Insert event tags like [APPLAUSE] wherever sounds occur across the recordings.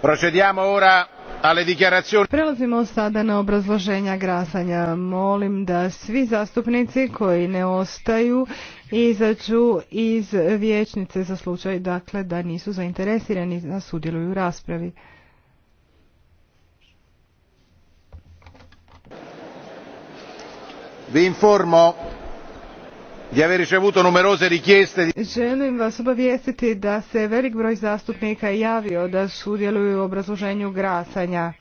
Procediamo ora Prelazimo sada na obrazloženja glasanja. Molim da svi zastupnici koji ne ostaju izađu iz vijećnice za slučaj dakle da nisu zainteresirani da sudjeluju u raspravi. Vi informo di Želim vas obavijestiti da se velik broj zastupnika javio da sudjeluju u obrazloženju glasanja.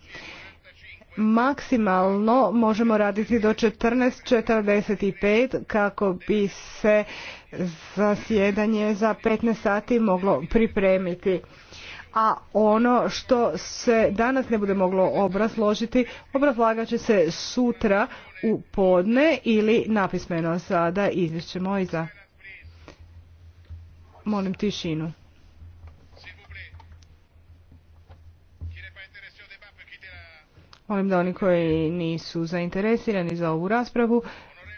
Maksimalno možemo raditi do 14.45 kako bi se zasjedanje za 15 sati moglo pripremiti a ono što se danas ne bude moglo obrazložiti obrazlagat će se sutra u podne ili napismeno sada izvješće Mojza. Molim tišinu. Molim da oni koji nisu zainteresirani za ovu raspravu,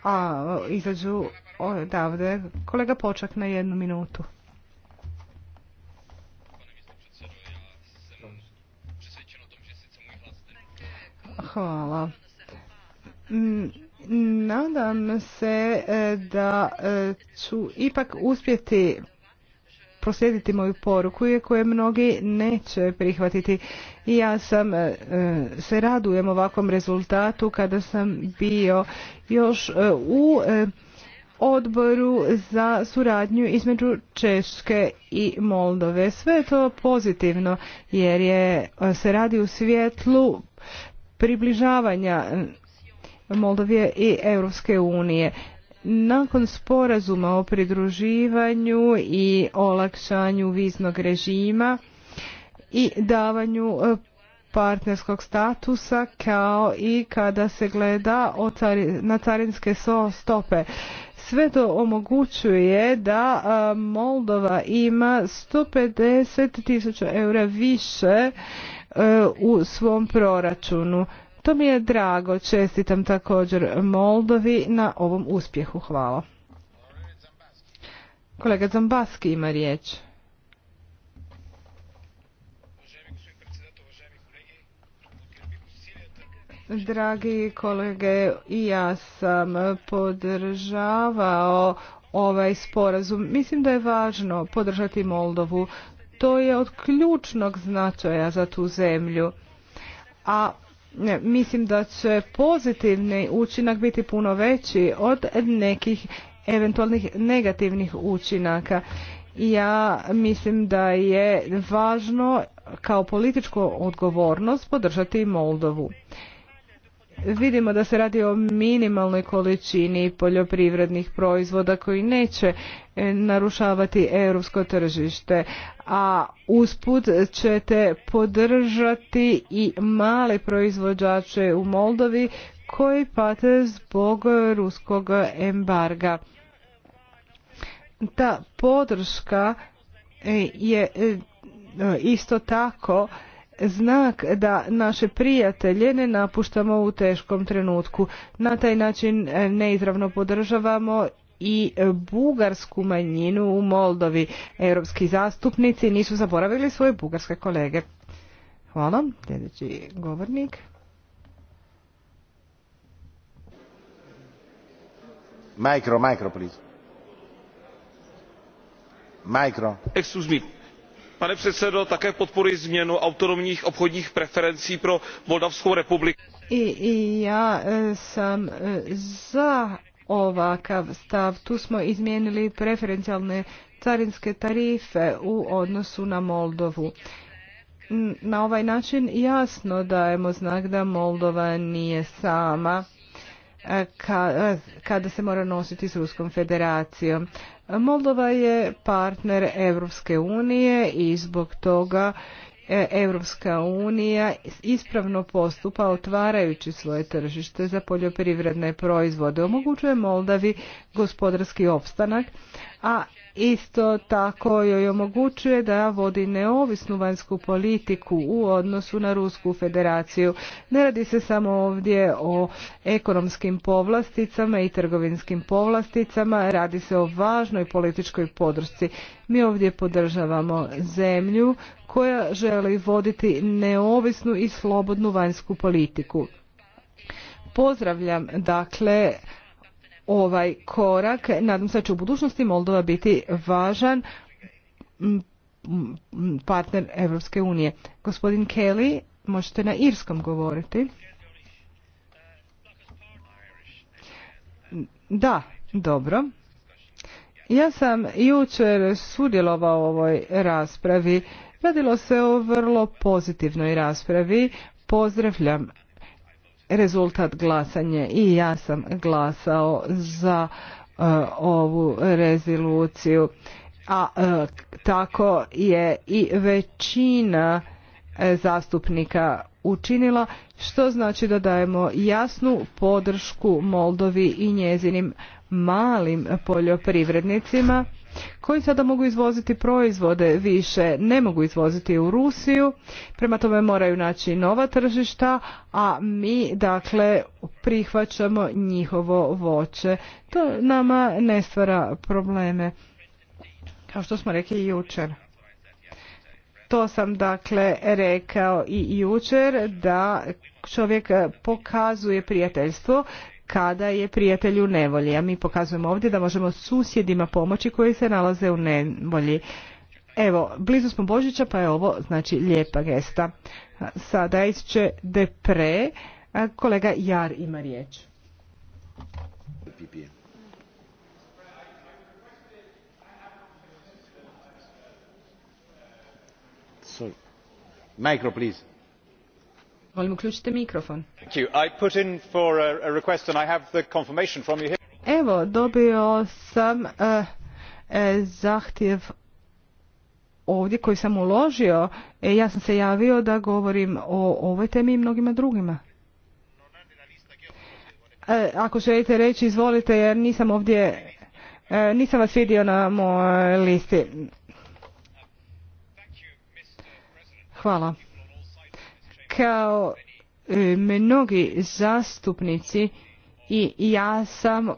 a izađu odavde. Kolega Počak na jednu minutu. Hvala. Mm, nadam se e, da e, ću ipak uspjeti proslijediti moju poruku je koje mnogi neće prihvatiti. I ja sam e, se radujem ovakvom rezultatu kada sam bio još u odboru za suradnju između Češke i Moldove. Sve je to pozitivno jer je se radi u svjetlu približavanja Moldovije i Europske unije. Nakon sporazuma o pridruživanju i olakšanju viznog režima i davanju e, partnerskog statusa kao i kada se gleda na carinske stope. Sve to omogućuje da e, Moldova ima 150 tisuća eura više e, u svom proračunu. To mi je drago, čestitam također Moldovi na ovom uspjehu. Hvala. Kolega Zambaski ima riječ. Dragi kolege, i ja sam podržavao ovaj sporazum. Mislim da je važno podržati Moldovu. To je od ključnog značaja za tu zemlju. A mislim da će pozitivni učinak biti puno veći od nekih eventualnih negativnih učinaka. Ja mislim da je važno kao političku odgovornost podržati Moldovu vidimo da se radi o minimalnoj količini poljoprivrednih proizvoda koji neće e, narušavati europsko tržište, a usput ćete podržati i male proizvođače u Moldovi koji pate zbog ruskog embarga. Ta podrška e, je e, isto tako znak da naše prijatelje ne napuštamo u teškom trenutku. Na taj način e, neizravno podržavamo i bugarsku manjinu u Moldovi. Europski zastupnici nisu zaboravili svoje bugarske kolege. Hvala. Sljedeći govornik. Mikro, mikro, please. Mikro. Excuse me pane předsedo také podporuji změnu autonomních obchodních preferencí pro moldavskou republiku. i ja e, sam e, za ovakav stav tu smo izmijenili preferencijalne carinske tarife u odnosu na moldovu na ovaj način jasno dajemo znak da moldova nije sama E, e, kada se mora nositi s Ruskom federacijom. Moldova je partner Europske unije i zbog toga Europska unija ispravno postupa otvarajući svoje tržište za poljoprivredne proizvode. Omogućuje Moldavi gospodarski opstanak, a Isto tako joj omogućuje da vodi neovisnu vanjsku politiku u odnosu na Rusku federaciju. Ne radi se samo ovdje o ekonomskim povlasticama i trgovinskim povlasticama, radi se o važnoj političkoj podršci. Mi ovdje podržavamo zemlju koja želi voditi neovisnu i slobodnu vanjsku politiku. Pozdravljam dakle ovaj korak. Nadam se da će u budućnosti Moldova biti važan partner Europske unije. Gospodin Kelly, možete na irskom govoriti. Da, dobro. Ja sam jučer sudjelovao u ovoj raspravi. Radilo se o vrlo pozitivnoj raspravi. Pozdravljam rezultat glasanje i ja sam glasao za e, ovu rezoluciju a e, tako je i većina e, zastupnika učinila što znači da dajemo jasnu podršku Moldovi i njezinim malim poljoprivrednicima koji sada mogu izvoziti proizvode više, ne mogu izvoziti u Rusiju, prema tome moraju naći nova tržišta, a mi dakle prihvaćamo njihovo voće. To nama ne stvara probleme, kao što smo rekli jučer. To sam dakle rekao i jučer da čovjek pokazuje prijateljstvo kada je prijatelj u nevolji. A mi pokazujemo ovdje da možemo susjedima pomoći koji se nalaze u nevolji. Evo, blizu smo Božića pa je ovo znači lijepa gesta. Sada de depre. Kolega Jar ima riječ. Micro, please mikrofon. Evo, dobio sam eh, eh, zahtjev ovdje koji sam uložio. i e, ja sam se javio da govorim o ovoj temi i mnogima drugima. E, ako želite reći, izvolite, jer nisam ovdje, e, nisam vas vidio na mojoj listi. Hvala. Kao e, mnogi zastupnici i ja sam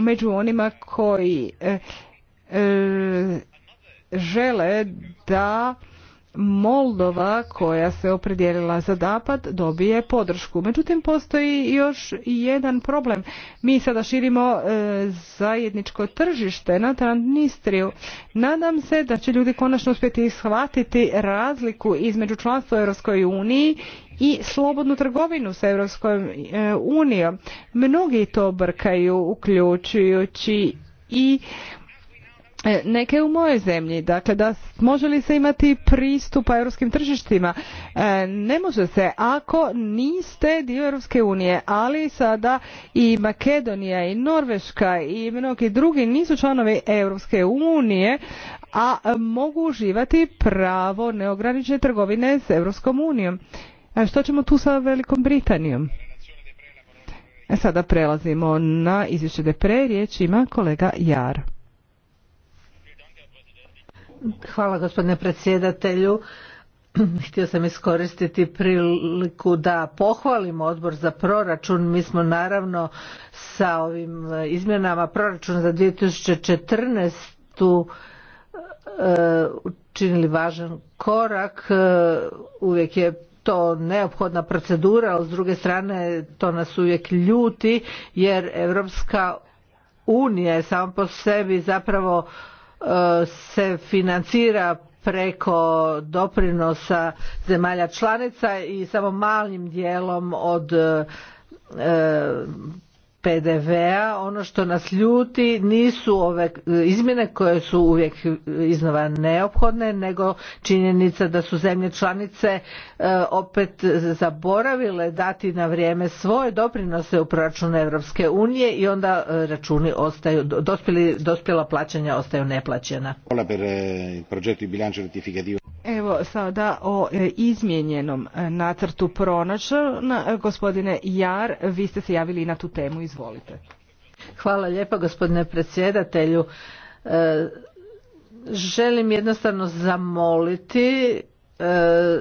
među onima koji e, e, žele da Moldova koja se opredijelila za Dapad, dobije podršku. Međutim, postoji još jedan problem. Mi sada širimo e, zajedničko tržište na Transnistriju. Nadam se da će ljudi konačno uspjeti shvatiti razliku između članstva u Europskoj uniji i slobodnu trgovinu sa Europskom e, unijom. Mnogi to brkaju, uključujući i E, neke u mojoj zemlji dakle da može li se imati pristupa europskim tržištima e, ne može se ako niste dio europske unije ali sada i makedonija i norveška i mnogi drugi nisu članovi europske unije a mogu uživati pravo neograničene trgovine s europskom unijom e, što ćemo tu sa velikom britanijom e, sada prelazimo na izvješće depre riječ ima kolega jar Hvala gospodine predsjedatelju. [CLEARS THROAT] Htio sam iskoristiti priliku da pohvalim odbor za proračun. Mi smo naravno sa ovim izmjenama proračuna za 2014 e, učinili važan korak. E, uvijek je to neophodna procedura, ali s druge strane to nas uvijek ljuti jer Europska unija je samo po sebi zapravo E, se financira preko doprinosa zemalja članica i samo malim dijelom od e, pdv Ono što nas ljuti nisu ove eh, izmjene koje su uvijek iznova neophodne, nego činjenica da su zemlje članice eh, opet zaboravile dati na vrijeme svoje doprinose u proračun Europske unije i onda eh, računi ostaju, dospjela plaćanja ostaju neplaćena. Evo sada o izmijenjenom nacrtu pronačuna. Gospodine Jar, vi ste se javili na tu temu. Iz Izvolite. Hvala lijepa gospodine predsjedatelju. E, želim jednostavno zamoliti e,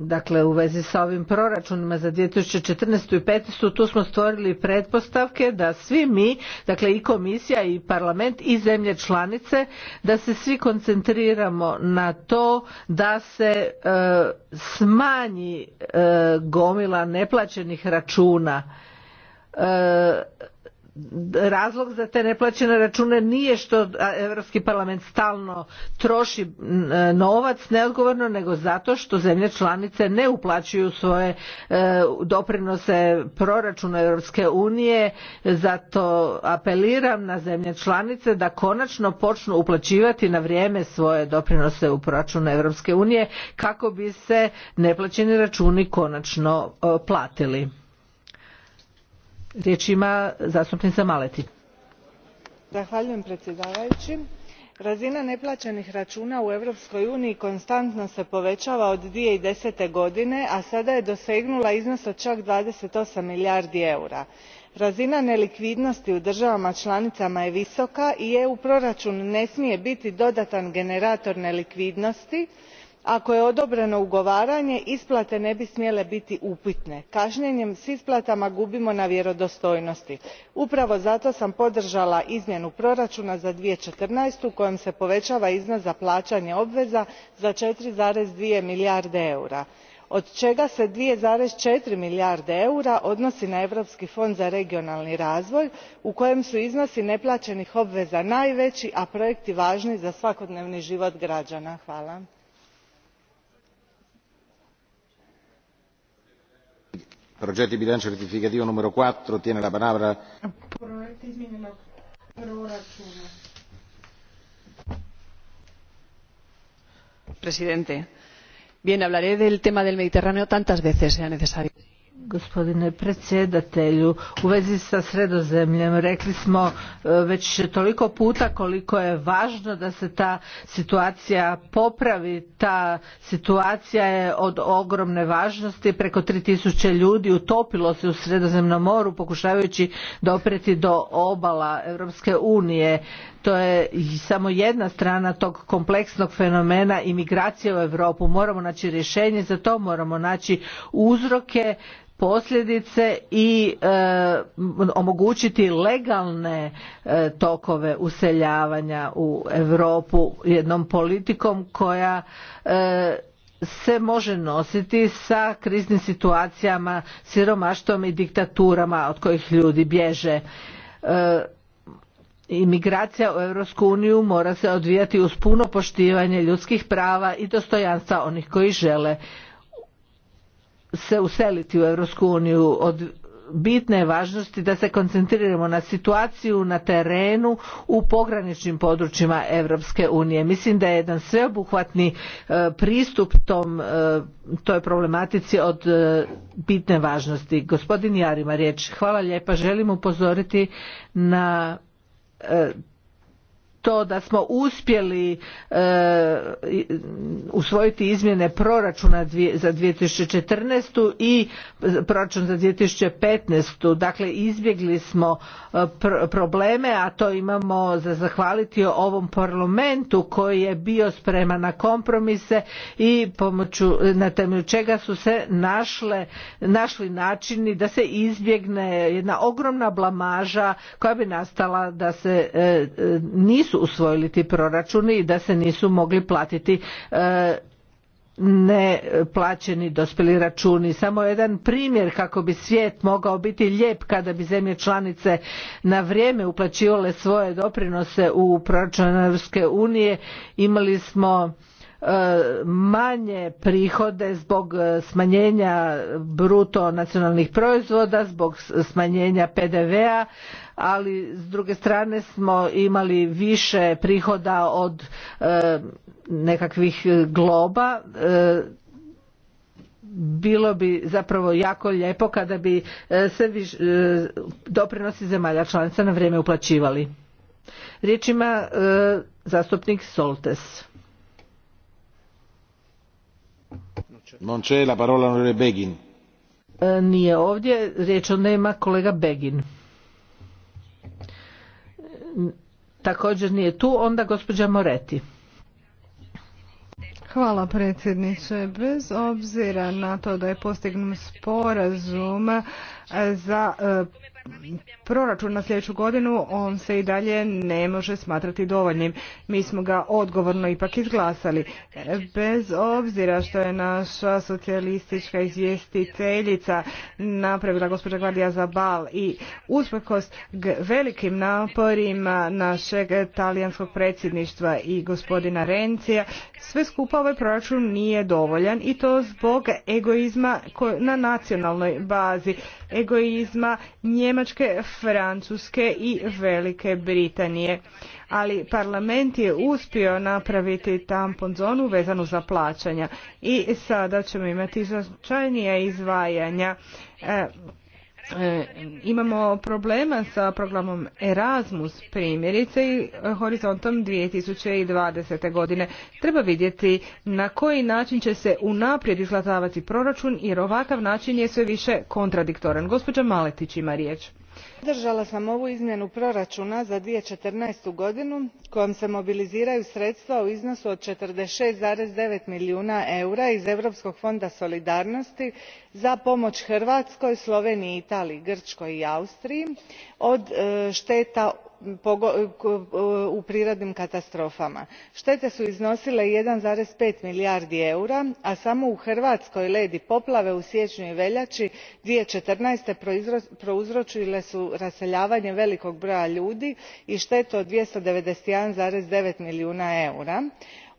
dakle u vezi sa ovim proračunima za 2014. i 2015. tu smo stvorili pretpostavke da svi mi, dakle i komisija i parlament i zemlje članice, da se svi koncentriramo na to da se e, smanji gomila neplaćenih računa E, razlog za te neplaćene račune nije što europski parlament stalno troši e, novac neodgovorno nego zato što zemlje članice ne uplaćuju svoje e, doprinose proračuna europske unije zato apeliram na zemlje članice da konačno počnu uplaćivati na vrijeme svoje doprinose u proračun europske unije kako bi se neplaćeni računi konačno platili ima Zahvaljujem Razina neplaćenih računa u Europskoj uniji konstantno se povećava od 2010. godine, a sada je dosegnula iznos od čak 28 milijardi eura razina nelikvidnosti u državama članicama je visoka i eu proračun ne smije biti dodatan generator nelikvidnosti ako je odobreno ugovaranje isplate ne bi smjele biti upitne. kašnjenjem s isplatama gubimo na vjerodostojnosti. upravo zato sam podržala izmjenu proračuna za. two thousand and fourteen kojom se povećava iznos za plaćanje obveza za four two milijarde eura od čega se two four milijarde eura odnosi na europski fond za regionalni razvoj u kojem su iznosi neplaćenih obveza najveći a projekti važni za svakodnevni život građana. hvala. progetti di bilancio rettificativo numero 4 tiene la parola presidente bien hablaré del tema del mediterráneo tantas veces sea necesario Gospodine predsjedatelju, u vezi sa sredozemljem rekli smo e, već toliko puta koliko je važno da se ta situacija popravi. Ta situacija je od ogromne važnosti. Preko 3000 ljudi utopilo se u sredozemnom moru pokušavajući dopreti do obala Europske unije. To je samo jedna strana tog kompleksnog fenomena imigracije u Europu. Moramo naći rješenje, za to moramo naći uzroke posljedice i e, omogućiti legalne e, tokove useljavanja u Europu jednom politikom koja e, se može nositi sa kriznim situacijama, siromaštvom i diktaturama od kojih ljudi bježe. Imigracija u Europsku uniju mora se odvijati uz puno poštivanje ljudskih prava i dostojanstva onih koji žele se useliti u Europsku uniju od bitne je važnosti da se koncentriramo na situaciju na terenu u pograničnim područjima Europske unije. Mislim da je jedan sveobuhvatni e, pristup tom, e, toj problematici od e, bitne važnosti. Gospodin Jarima riječ. Hvala lijepa. Želim upozoriti na to da smo uspjeli e, usvojiti izmjene proračuna dvije, za 2014. i proračun za 2015. Dakle, izbjegli smo e, probleme, a to imamo za zahvaliti ovom parlamentu koji je bio spreman na kompromise i pomoću, na temelju čega su se našle, našli načini da se izbjegne jedna ogromna blamaža koja bi nastala da se e, nisu nisu usvojili ti proračuni i da se nisu mogli platiti e, neplaćeni dospjeli računi. Samo jedan primjer kako bi svijet mogao biti lijep kada bi zemlje članice na vrijeme uplaćivale svoje doprinose u proračun Europske unije. Imali smo manje prihode zbog e, smanjenja bruto nacionalnih proizvoda, zbog smanjenja PDV-a, ali s druge strane smo imali više prihoda od e, nekakvih globa e, bilo bi zapravo jako lijepo kada bi se doprinosi zemalja članica na vrijeme uplaćivali. Riječ ima zastupnik Soltes. E, nije ovdje, riječ nema kolega Begin. Također nije tu, onda gospođa Moreti. Hvala predsjedniče. Bez obzira na to da je postignut sporazum za e, proračun na sljedeću godinu, on se i dalje ne može smatrati dovoljnim. Mi smo ga odgovorno ipak izglasali. Bez obzira što je naša socijalistička izvjestiteljica napravila gospođa Gvardija Zabal i usprkos velikim naporima našeg talijanskog predsjedništva i gospodina Rencija sve skupa ovaj proračun nije dovoljan i to zbog egoizma na nacionalnoj bazi, egoizma Njemačke, Francuske i Velike Britanije. Ali parlament je uspio napraviti tampon zonu vezanu za plaćanja i sada ćemo imati značajnija izvajanja. E, E, imamo problema sa programom Erasmus primjerice i e, horizontom 2020. godine. Treba vidjeti na koji način će se unaprijed izglasavati proračun jer ovakav način je sve više kontradiktoran. Gospođa Maletić ima riječ. Podržala sam ovu izmjenu proračuna za. two thousand and fourteen godinu kojom se mobiliziraju sredstva u iznosu od forty six nine milijuna eura iz europskog fonda solidarnosti za pomo hrvatskoj sloveniji italiji grkoj i austriji od e, teta u prirodnim katastrofama. tete su iznosile one five milijardi eura a samo u hrvatskoj led poplave u sijenju i veljai. two thousand and fourteen prouzroile su raseljavanje velikog broja ljudi i tetu od two hundred and ninety nine milijuna eura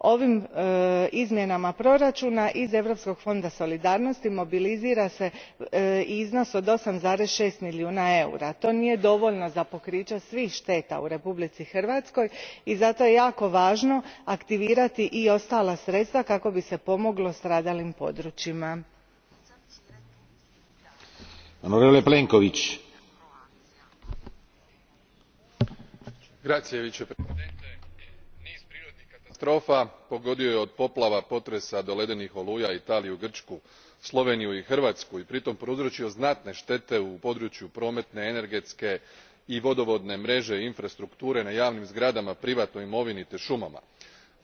ovim e, izmjenama prorauna iz europskog fonda solidarnosti mobilizira se e, iznos od eight six milijuna eura. to nije dovoljno za pokrie svih šteta u republici hrvatskoj i zato je jako vano aktivirati i ostala sredstva kako bi se pomoglo stradalim podrujima katastrofa pogodio je od poplava potresa do ledenih oluja italiju grčku sloveniju i hrvatsku i pritom prouzročio znatne štete u području prometne energetske i vodovodne mreže i infrastrukture na javnim zgradama privatnoj imovini te šumama.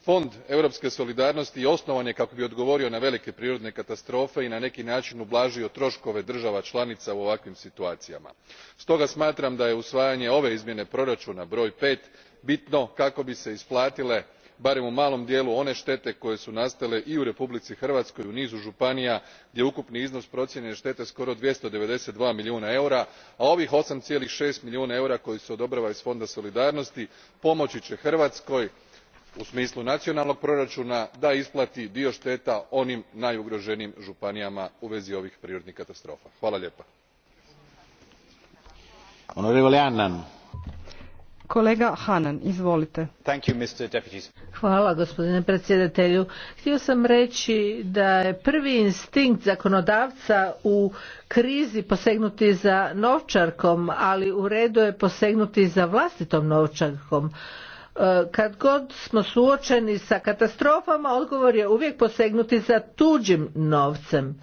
fond europske solidarnosti osnovan je kako bi odgovorio na velike prirodne katastrofe i na neki način ublažio troškove država članica u ovakvim situacijama. stoga smatram da je usvajanje ove izmjene proračuna broj pet bitno kako bi se isplatile barem u malom dijelu one tete koje su nastale i u republici hrvatskoj u nizu županija, gdje je ukupni iznos procijenjene tete skoro two hundred and ninety two milijuna eura a ovih eight six milijuna eura koji se odobrava iz fonda solidarnosti pomoi će hrvatskoj u smislu nacionalnog prorauna da isplati dio šteta onim najugroenijim županijama u vezi ovih prirodnih katastrofa. Kolega izvolite. Hvala gospodine predsjedatelju. Htio sam reći da je prvi instinkt zakonodavca u krizi posegnuti za novčarkom, ali u redu je posegnuti za vlastitom novčarkom e, kad god smo suočeni sa katastrofama odgovor je uvijek posegnuti za tuđim novcem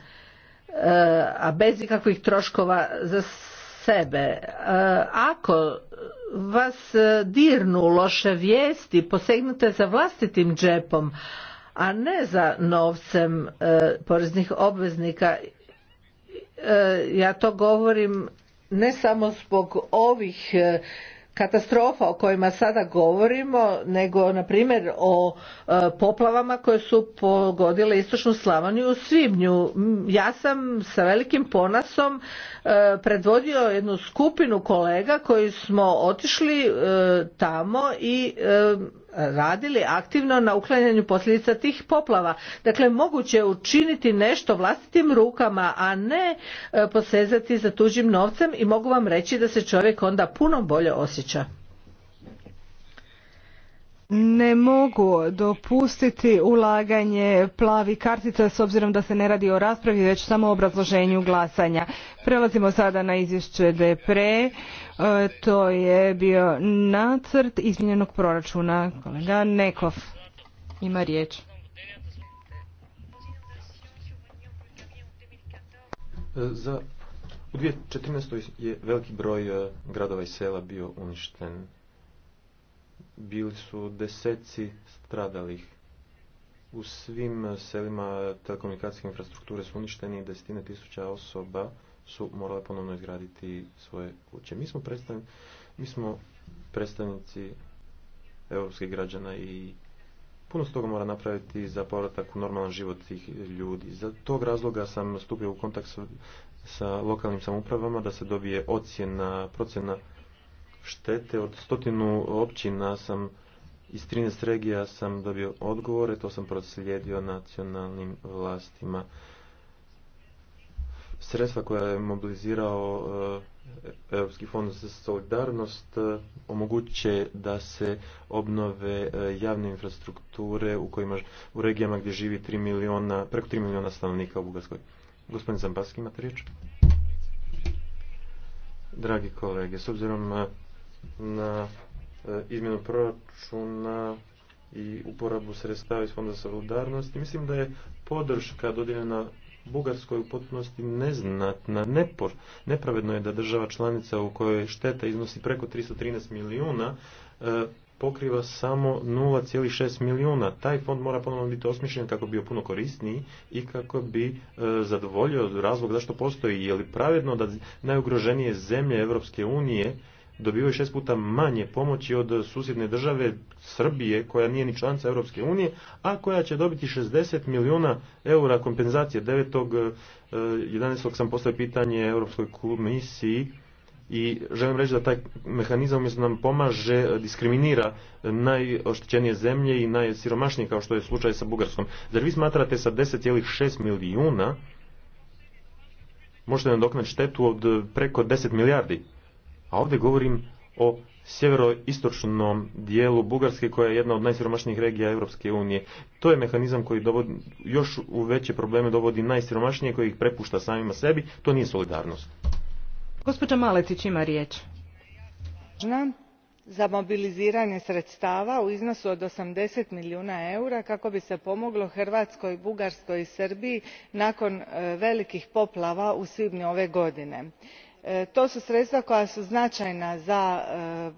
e, a bez ikakvih troškova za sebe e, ako vas e, dirnu loše vijesti, posegnute za vlastitim džepom, a ne za novcem e, poreznih obveznika. E, ja to govorim ne samo zbog ovih katastrofa o kojima sada govorimo nego na primjer o e, poplavama koje su pogodile istočnu slavoniju u svibnju ja sam sa velikim ponosom e, predvodio jednu skupinu kolega koji smo otišli e, tamo i radili aktivno na uklanjanju posljedica tih poplava. Dakle, moguće je učiniti nešto vlastitim rukama, a ne e, posezati za tuđim novcem i mogu vam reći da se čovjek onda puno bolje osjeća ne mogu dopustiti ulaganje plavi kartica s obzirom da se ne radi o raspravi već samo o obrazloženju glasanja. Prelazimo sada na izvješće DEPRE. E, to je bio nacrt izmjenjenog proračuna. Kolega Nekov ima riječ. E, za, u 2014. je veliki broj e, gradova i sela bio uništen bili su deseci stradalih. U svim selima telekomunikacijske infrastrukture su uništeni desetine tisuća osoba su morale ponovno izgraditi svoje kuće. Mi smo, predstavni, mi smo predstavnici europskih građana i puno s toga mora napraviti za povratak u normalan život tih ljudi. Za tog razloga sam stupio u kontakt sa lokalnim samoupravama da se dobije ocjena, procjena štete. Od stotinu općina sam iz 13 regija sam dobio odgovore, to sam proslijedio nacionalnim vlastima. Sredstva koja je mobilizirao eh, Europski fond za solidarnost eh, omoguće da se obnove eh, javne infrastrukture u kojima u regijama gdje živi 3 miliona, preko 3 miliona stanovnika u Bugarskoj. Gospodin Zambaski imate riječ? Dragi kolege, s obzirom na e, izmjenu proračuna i uporabu sredstava iz Fonda solidarnosti. Mislim da je podrška dodijeljena Bugarskoj u potpunosti neznatna. Nepor, nepravedno je da država članica u kojoj šteta iznosi preko 313 milijuna e, pokriva samo 0,6 milijuna. Taj fond mora ponovno biti osmišljen kako bi bio puno korisniji i kako bi e, zadovoljio razlog zašto postoji. Je li pravedno da najugroženije zemlje Europske unije dobivaju šest puta manje pomoći od susjedne države Srbije, koja nije ni članica Europske unije, a koja će dobiti 60 milijuna eura kompenzacije. 9. 11. Eh, sam postavio pitanje Europskoj komisiji i želim reći da taj mehanizam mislim, nam pomaže eh, diskriminira najoštećenije zemlje i najsiromašnije kao što je slučaj sa Bugarskom. Zar vi smatrate sa 10,6 milijuna možete nadoknati štetu od preko 10 milijardi? A ovdje govorim o sjeveroistočnom dijelu Bugarske koja je jedna od najsiromašnijih regija Europske unije. To je mehanizam koji dovodi, još u veće probleme dovodi najsiromašnije koji ih prepušta samima sebi. To nije solidarnost. Gospođa Maletić ima riječ. Za mobiliziranje sredstava u iznosu od 80 milijuna eura kako bi se pomoglo Hrvatskoj, Bugarskoj i Srbiji nakon e, velikih poplava u svibnju ove godine E, to su sredstva koja su značajna za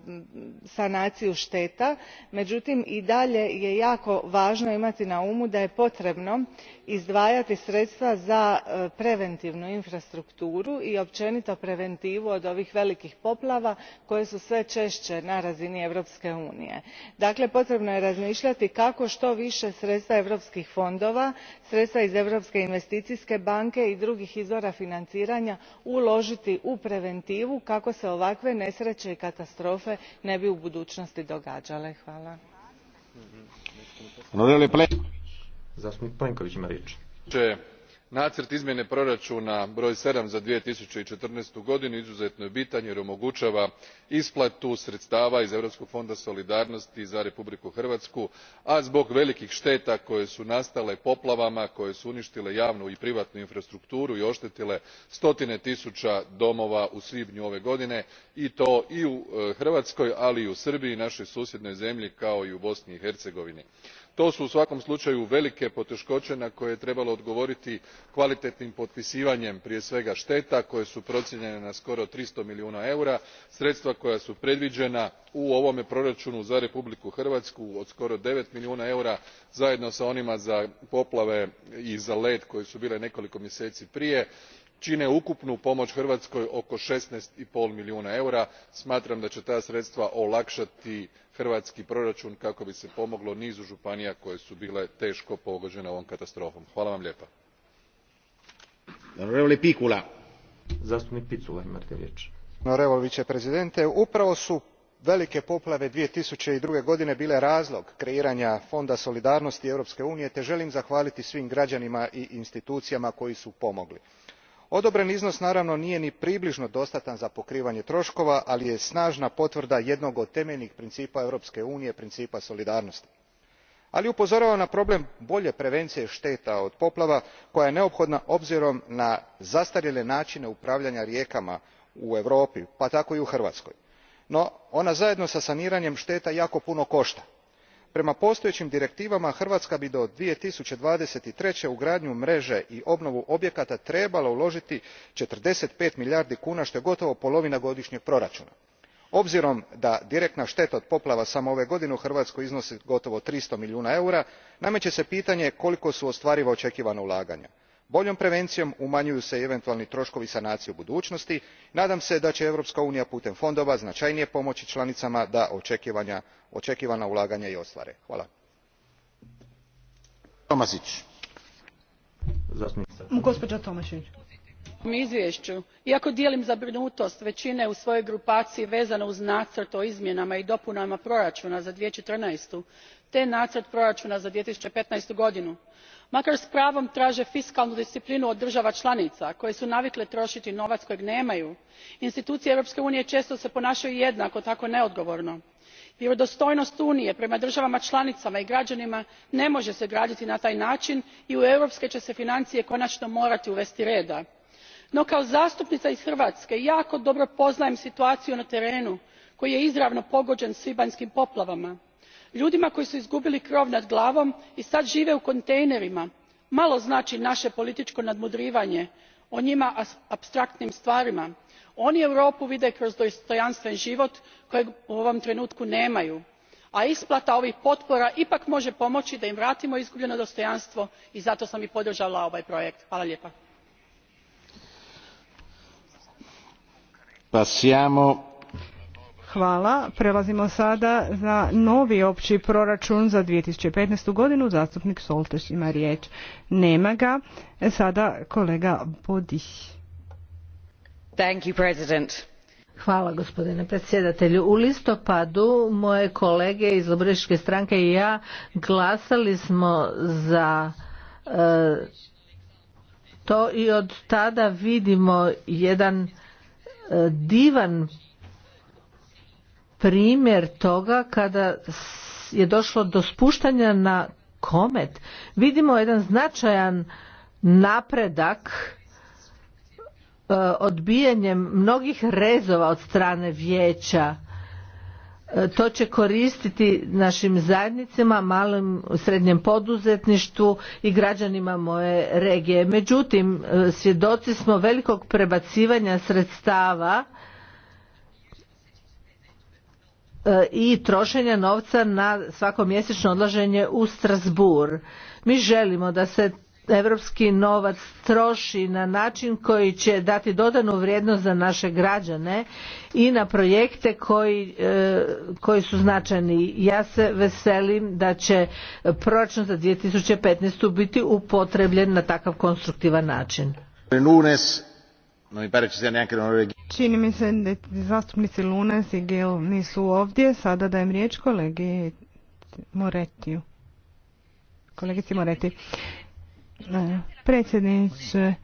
e, sanaciju šteta međutim i dalje je jako važno imati na umu da je potrebno izdvajati sredstva za e, preventivnu infrastrukturu i općenito preventivu od ovih velikih poplava koje su sve češće na razini europske unije. dakle potrebno je razmišljati kako što više sredstva europskih fondova sredstva iz europske investicijske banke i drugih izvora financiranja uložiti preventivu kako se ovakve nesreće i katastrofe ne bi u budućnosti događale. hvala nacrt izmjene proračuna broj seven za. two thousand and godinu izuzetno je bitan jer omogućava isplatu sredstava iz europskog fonda solidarnosti za republiku hrvatsku a zbog velikih šteta koje su nastale poplavama koje su uništile javnu i privatnu infrastrukturu i otetile stotine tisuća domova u svibnju ove godine i to i u e, hrvatskoj ali i u srbiji naoj susjednoj zemlji kao i u bosni i hercegovini to su u svakom slučaju velike poteškoće na koje je trebalo odgovoriti kvalitetnim potpisivanjem prije svega šteta koje su procijenjene na skoro three milijuna eura sredstva koja su predviđena u ovome proračunu za republiku hrvatsku od skoro nine milijuna eura zajedno s onima za poplave i za led koje su bile nekoliko mjeseci prije čine ukupnu pomoć hrvatskoj oko sixteen five milijuna eura. smatram da će ta sredstva olakšati hrvatski proraun kako bi se pomoglo nizu županija koje su bile teko pogođene ovom katastrofom. hvala vam upravo su velike poplave. two thousand and two godine bile razlog kreiranja fonda solidarnosti europske unije te želim zahvaliti svim graanima i institucijama koji su pomogli odobren iznos naravno nije ni približno dostatan za pokrivanje troškova, ali je snažna potvrda jednog od temeljnih principa europske unije principa solidarnosti. ali upozorava na problem bolje prevencije šteta od poplava koja je neophodna obzirom na zastarjele naine upravljanja rijekama u europi pa tako i u hrvatskoj. no ona zajedno sa saniranjem šteta jako puno košta prema postojeim direktivama hrvatska bi do. two thousand and twenty three u gradnju mree i obnovu objekata trebala uloiti forty five milijardi kuna što je gotovo polovina godišnjeg prorauna. obzirom da direktna šteta od poplava samo ove godine u hrvatskoj iznosi gotovo three milijuna eura namee se pitanje koliko su ostvariva oekivana ulaganja boljom prevencijom umanjuju se i eventualni troškovi sanacije u budućnosti nadam se da će europska unija putem fondova značajnije pomoći članicama da očekivana ulaganja i ostvare. hvala. u izvješću iako dijelim zabrinutost većine u svojoj grupaciji vezano uz nacrt o izmjenama i dopunama proračuna za. two thousand and fourteen te nacrt prorauna za. two thousand and fifteen godinu makar s pravom trae fiskalnu disciplinu od drava lanica koje su navikle trošiti novac kojeg nemaju institucije europske unije esto se ponašaju jednako tako neodgovorno. vjerodostojnost unije prema dravama lanicama i građanima ne moe se graditi na taj nain i u europske će se financije konano morati uvesti reda. no kao zastupnica iz hrvatske jako dobro poznajem situaciju na terenu koji je izravno pogoen svibanjskim poplavama ljudima koji su izgubili krov nad glavom i sad žive u kontejnerima malo znači naše političko nadmudrivanje o njima apstraktnim stvarima. oni europu vide kroz dostojanstven život kojeg u ovom trenutku nemaju a isplata ovih potpora ipak može pomoći da im vratimo izgubljeno dostojanstvo i zato sam i podržala ovaj projekt. hvala lijepa. Hvala. Prelazimo sada na novi opći proračun za 2015. godinu. Zastupnik Solteš ima riječ. Nema ga. E, sada kolega Bodih. Thank you, President. Hvala gospodine predsjedatelju. U listopadu moje kolege iz Obreške stranke i ja glasali smo za e, to i od tada vidimo jedan e, divan primjer toga kada je došlo do spuštanja na komet vidimo jedan značajan napredak e, odbijanjem mnogih rezova od strane vijeća e, to će koristiti našim zajednicama, malom srednjem poduzetništvu i građanima moje regije. Međutim, e, svjedoci smo velikog prebacivanja sredstava E, i trošenja novca na svako mjesečno odlaženje u Strasbourg. Mi želimo da se europski novac troši na način koji će dati dodanu vrijednost za naše građane i na projekte koji, e, koji su značajni. Ja se veselim da će proračun za 2015. biti upotrebljen na takav konstruktivan način. Čini mi se da zastupnici Lunas i Gil nisu ovdje. Sada dajem riječ kolegi Moretiju. Kolegici Moreti. Predsjedniče,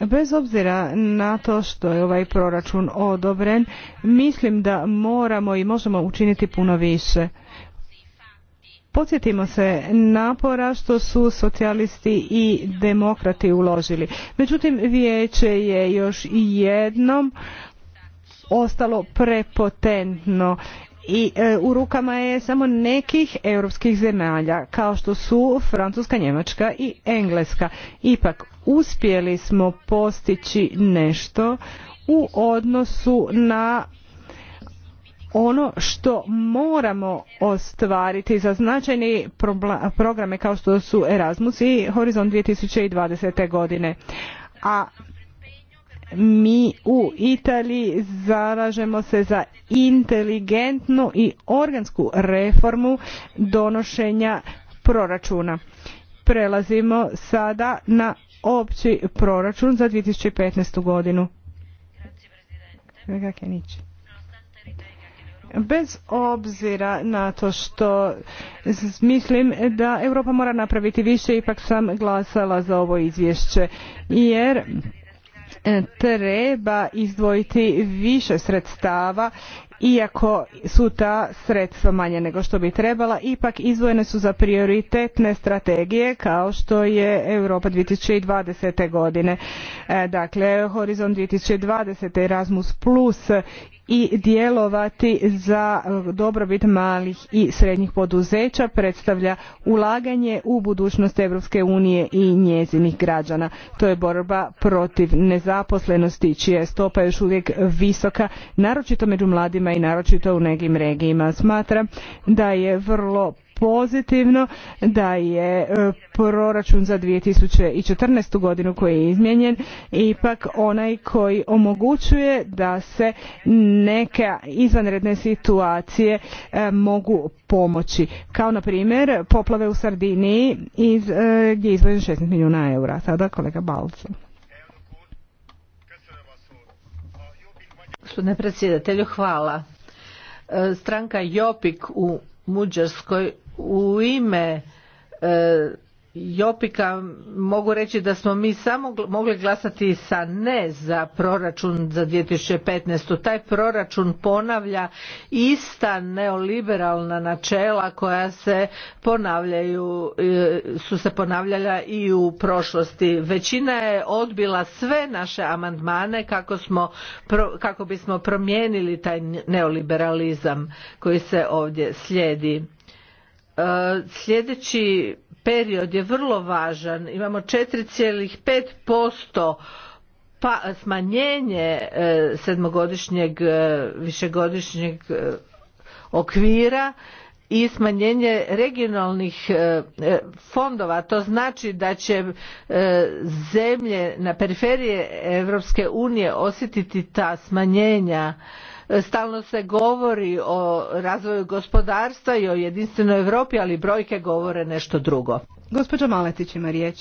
bez obzira na to što je ovaj proračun odobren, mislim da moramo i možemo učiniti puno više. Podsjetimo se napora što su socijalisti i demokrati uložili. Međutim, vijeće je još jednom ostalo prepotentno i e, u rukama je samo nekih europskih zemalja kao što su Francuska, Njemačka i Engleska. Ipak uspjeli smo postići nešto u odnosu na ono što moramo ostvariti za značajne programe kao što su Erasmus i Horizon 2020. godine. A mi u Italiji zaražemo se za inteligentnu i organsku reformu donošenja proračuna. Prelazimo sada na opći proračun za 2015. godinu. Kolega Kenić bez obzira na to što mislim da Europa mora napraviti više, ipak sam glasala za ovo izvješće jer e, treba izdvojiti više sredstava iako su ta sredstva manje nego što bi trebala ipak izvojene su za prioritetne strategije kao što je Europa 2020. godine e, dakle Horizon 2020. Erasmus Plus i djelovati za dobrobit malih i srednjih poduzeća predstavlja ulaganje u budućnost Europske unije i njezinih građana. To je borba protiv nezaposlenosti čija je stopa još uvijek visoka, naročito među mladima i naročito u nekim regijama. Smatram da je vrlo pozitivno da je e, proračun za 2014. godinu koji je izmijenjen ipak onaj koji omogućuje da se neke izvanredne situacije e, mogu pomoći. Kao na primjer poplave u Sardiniji iz, e, gdje je izvojen 16 milijuna eura. Sada kolega Balcu. Gospodine predsjedatelju, hvala. Stranka Jopik u Muđarskoj u ime e, Jopika mogu reći da smo mi samo mogli glasati sa ne za proračun za 2015. Taj proračun ponavlja ista neoliberalna načela koja se ponavljaju, e, su se ponavljala i u prošlosti. Većina je odbila sve naše amandmane kako bismo promijenili taj neoliberalizam koji se ovdje slijedi sljedeći period je vrlo važan. Imamo 4,5% pa smanjenje e, sedmogodišnjeg e, višegodišnjeg e, okvira i smanjenje regionalnih fondova to znači da će zemlje na periferije Europske unije osjetiti ta smanjenja stalno se govori o razvoju gospodarstva i o jedinstvenoj Europi, ali brojke govore nešto drugo. Gospođa Maletić ima riječ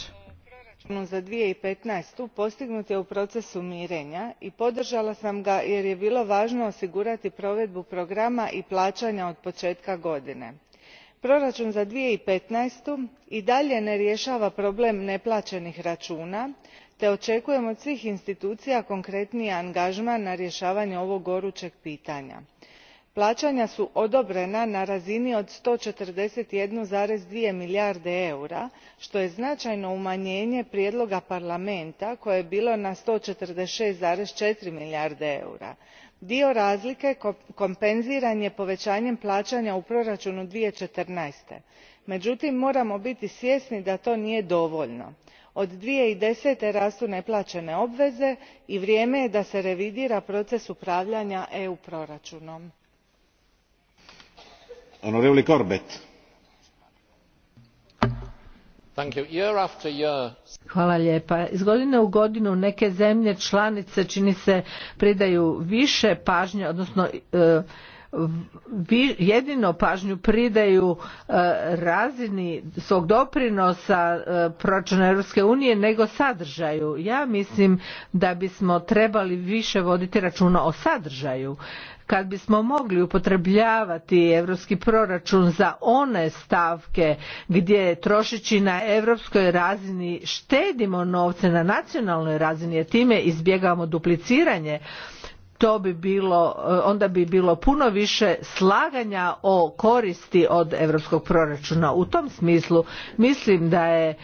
Proračun za. two thousand and fifteen postignut je u procesu mirenja i podrala sam ga jer je bilo vano osigurati provedbu programa i plaanja od početka godine. proraun za. two thousand and fifteen i dalje ne rjeava problem neplaenih rauna te očekujemo od svih institucija konkretniji angažman na rješavanje ovog gorućeg pitanja. plaćanja su odobrena na razini od one hundred and two milijarde eura što je značajno umanjenje prijedloga parlamenta koje je bilo na one hundred and forty six four milijarde eura. dio razlike kompenziran je povećanjem plaćanja u proračunu. two thousand and fourteen međutim moramo biti svjesni da to nije dovoljno od. two thousand and rastu neplaene obveze i vrijeme je da se revidira proces upravljanja eu proraunom. Hvala lijepa. Iz godine u godinu neke zemlje članice čini se pridaju više pažnje, odnosno e, jedino pažnju pridaju e, razini svog doprinosa e, proračuna Europske unije nego sadržaju. Ja mislim da bismo trebali više voditi računa o sadržaju kad bismo mogli upotrebljavati europski proračun za one stavke gdje trošeći na europskoj razini štedimo novce na nacionalnoj razini jer time izbjegavamo dupliciranje to bi bilo, e, onda bi bilo puno više slaganja o koristi od europskog proračuna. U tom smislu mislim da je e,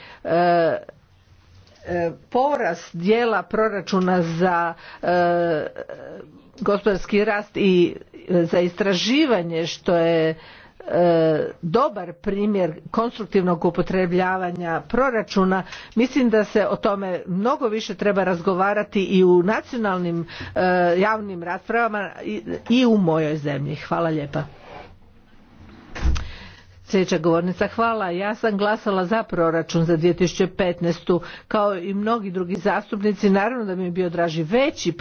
e, porast dijela proračuna za gospodarski rast i za istraživanje što je E, dobar primjer konstruktivnog upotrebljavanja proračuna mislim da se o tome mnogo više treba razgovarati i u nacionalnim e, javnim raspravama i u mojoj zemlji hvala lijepa Sljedeća govornica, hvala. Ja sam glasala za proračun za 2015. kao i mnogi drugi zastupnici. Naravno da mi je bio draži veći e,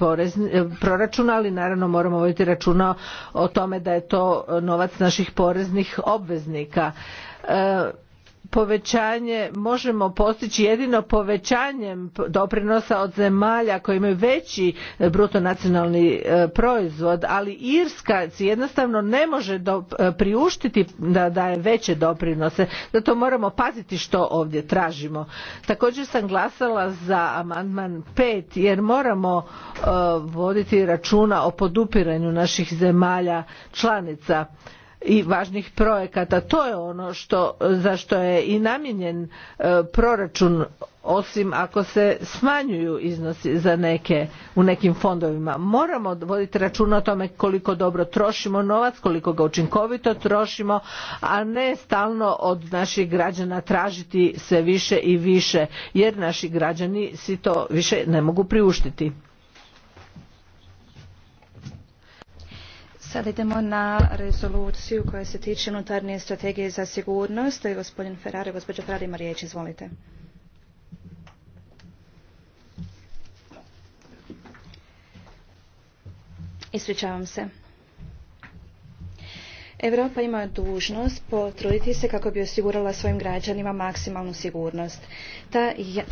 proračun, ali naravno moramo voditi računa o tome da je to novac naših poreznih obveznika. E, povećanje možemo postići jedino povećanjem doprinosa od zemalja koje imaju veći e, bruto nacionalni e, proizvod ali irska si jednostavno ne može e, priuštiti da daje veće doprinose zato moramo paziti što ovdje tražimo također sam glasala za amandman 5 jer moramo voditi računa o podupiranju naših zemalja članica i važnih projekata. To je ono za što je i namijenjen e, proračun osim ako se smanjuju iznosi za neke u nekim fondovima. Moramo voditi računa o tome koliko dobro trošimo novac, koliko ga učinkovito trošimo, a ne stalno od naših građana tražiti sve više i više jer naši građani si to više ne mogu priuštiti. Sada idemo na rezoluciju koja se tiče unutarnje strategije za sigurnost. gospodin Ferrari, gospođa Ferrari ima riječ, izvolite. Ispričavam se. Europa ima dužnost potruditi se kako bi osigurala svojim građanima maksimalnu sigurnost.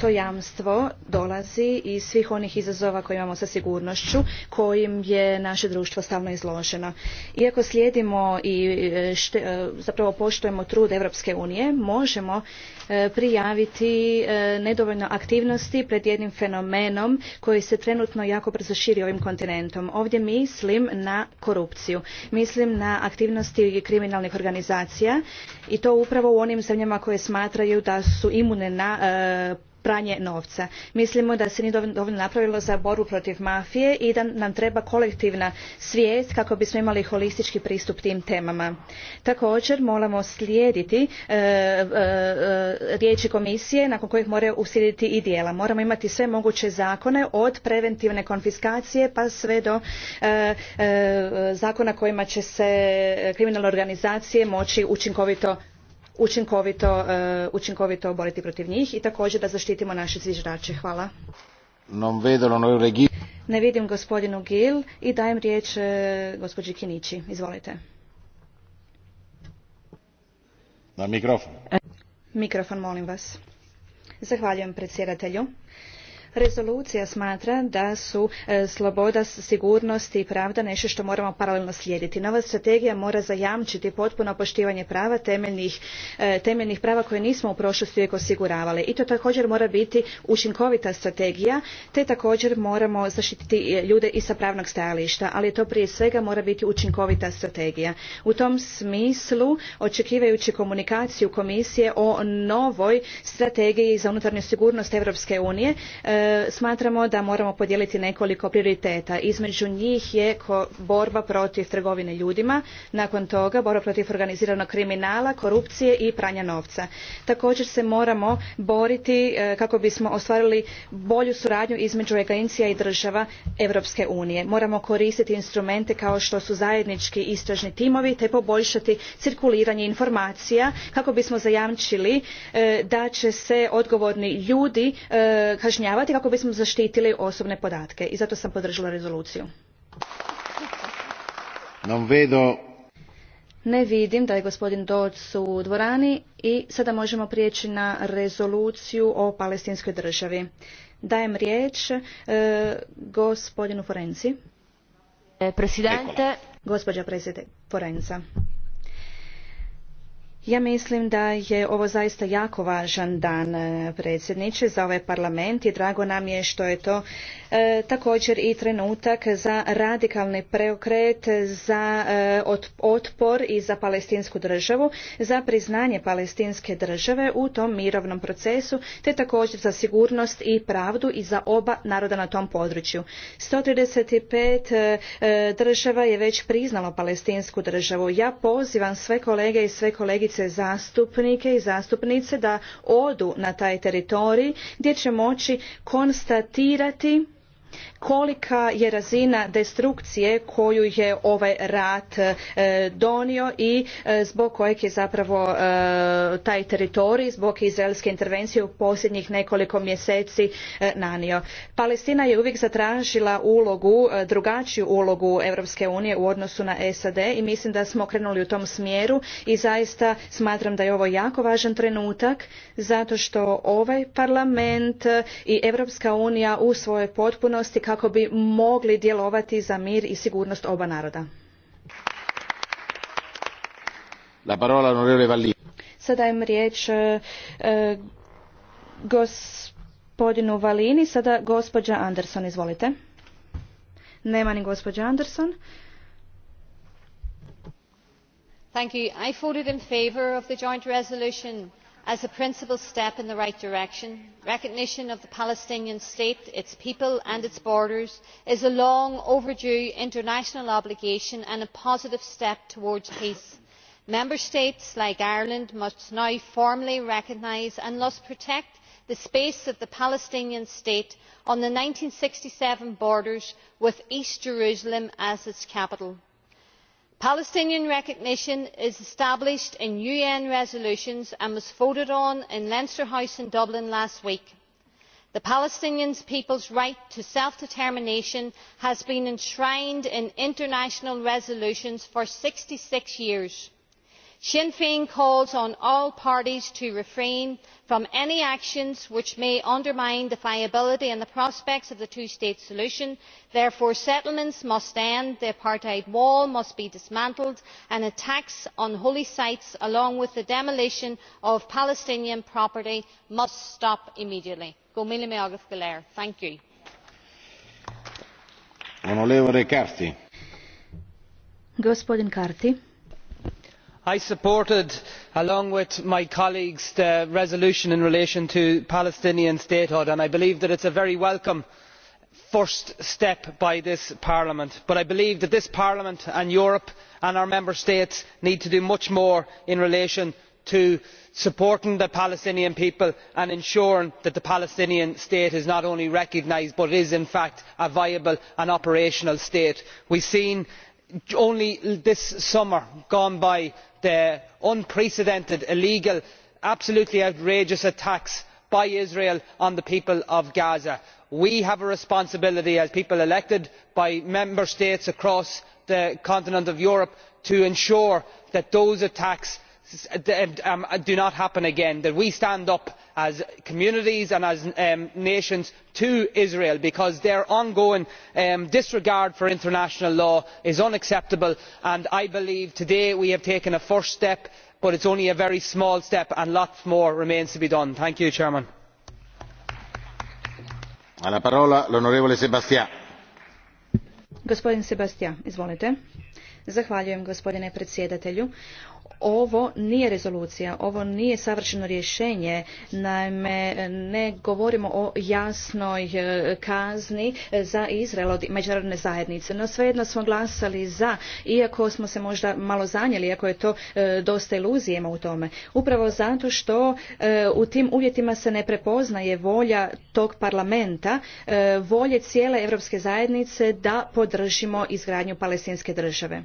to jamstvo dolazi iz svih onih izazova koje imamo sa sigurnošću kojim je naše društvo stalno izloženo. Iako slijedimo i e, e, zapravo poštujemo trud Europske unije, možemo E, prijaviti e, nedovoljno aktivnosti pred jednim fenomenom koji se trenutno jako brzo širi ovim kontinentom. Ovdje mislim na korupciju. Mislim na aktivnosti kriminalnih organizacija i to upravo u onim zemljama koje smatraju da su imune na e, pranje novca. Mislimo da se nije dovoljno napravilo za borbu protiv mafije i da nam treba kolektivna svijest kako bismo imali holistički pristup tim temama. Također moramo slijediti e, e, e, riječi komisije nakon kojih moraju uslijediti i djela. Moramo imati sve moguće zakone od preventivne konfiskacije pa sve do zakona kojima će se kriminalne organizacije moći učinkovito E, učinkovito, boriti protiv njih i također da zaštitimo naše zviždače. Hvala. Ne vidim gospodinu Gil i dajem riječ e, gospođi Kinići. Izvolite. Na mikrofon. Mikrofon, molim vas. Zahvaljujem predsjedatelju. Rezolucija smatra da su e, sloboda, sigurnost i pravda nešto što moramo paralelno slijediti. Nova strategija mora zajamčiti potpuno poštivanje prava e, temeljnih, prava koje nismo u prošlosti uvijek osiguravali. I to također mora biti učinkovita strategija, te također moramo zaštititi e, ljude i sa pravnog stajališta, ali to prije svega mora biti učinkovita strategija. U tom smislu, očekivajući komunikaciju komisije o novoj strategiji za unutarnju sigurnost Europske unije, E, smatramo da moramo podijeliti nekoliko prioriteta. Između njih je borba protiv trgovine ljudima, nakon toga borba protiv organiziranog kriminala, korupcije i pranja novca. Također se moramo boriti e, kako bismo ostvarili bolju suradnju između agencija i država Europske unije. Moramo koristiti instrumente kao što su zajednički istražni timovi te poboljšati cirkuliranje informacija kako bismo zajamčili e, da će se odgovorni ljudi kažnjavati kako bismo zaštitili osobne podatke i zato sam podržala rezoluciju. vedo. Ne vidim da je gospodin Dodds u dvorani i sada možemo prijeći na rezoluciju o palestinskoj državi. Dajem riječ e, gospodinu Forenci. Presidente. Gospođa Forenca ja mislim da je ovo zaista jako važan dan e, predsjedniče za ovaj parlament i drago nam je što je to e, također i trenutak za radikalni preokret za e, otpor i za palestinsku državu za priznanje palestinske države u tom mirovnom procesu te također za sigurnost i pravdu i za oba naroda na tom području. 135 e, država je već priznalo palestinsku državu. Ja pozivam sve kolege i sve kolegice zastupnike i zastupnice da odu na taj teritorij gdje će moći konstatirati kolika je razina destrukcije koju je ovaj rat e, donio i e, zbog kojeg je zapravo e, taj teritorij zbog izraelske intervencije u posljednjih nekoliko mjeseci nanio. Palestina je uvijek zatražila ulogu, drugačiju ulogu Europske unije u odnosu na SAD i mislim da smo krenuli u tom smjeru i zaista smatram da je ovo jako važan trenutak zato što ovaj parlament i Europska unija u svojoj potpuno aktivnosti kako bi mogli djelovati za mir i sigurnost oba naroda. Sada im riječ e, e, gospodinu Valini, sada gospođa Anderson, izvolite. Nema ni gospođa Anderson. Thank you. I voted in favor of the joint resolution as a principal step in the right direction. recognition of the palestinian state its people and its borders is a long overdue international obligation and a positive step towards peace. member states like ireland must now formally recognise and thus protect the space of the palestinian state on the one thousand nine hundred and sixty seven borders with east jerusalem as its capital palestinian recognition is established in un resolutions and was voted on in leinster house in dublin last week. the palestinian people's right to self determination has been enshrined in international resolutions for sixty six years sinn fin calls on all parties to refrain from any actions which may undermine the viability and the prospects of the two state solution. therefore settlements must end the apartheid wall must be dismantled and attacks on holy sites along with the demolition of palestinian property must stop immediately i supported along with my colleagues the resolution in relation to palestinian statehood and i believe that it is a very welcome first step by this parliament but i believe that this parliament and europe and our member states need to do much more in relation to supporting the palestinian people and ensuring that the palestinian state is not only recognised but is in fact a viable and operational state. we have seen only this summer gone by the unprecedented illegal absolutely outrageous attacks by israel on the people of gaza. we have a responsibility as people elected by member states across the continent of europe to ensure that those attacks Um, do not happen again that we stand up as communities and as um, nations to israel because their ongoing um, disregard for international law is unacceptable and i believe today we have taken a first step but it is only a very small step and lots more remains to be done. Thank gospodine predsjedatelju ovo nije rezolucija, ovo nije savršeno rješenje, naime ne govorimo o jasnoj e, kazni za Izrael od međunarodne zajednice, no svejedno smo glasali za, iako smo se možda malo zanijeli, iako je to e, dosta iluzijema u tome. Upravo zato što e, u tim uvjetima se ne prepoznaje volja tog parlamenta, volje cijele Europske zajednice da podržimo izgradnju palestinske države.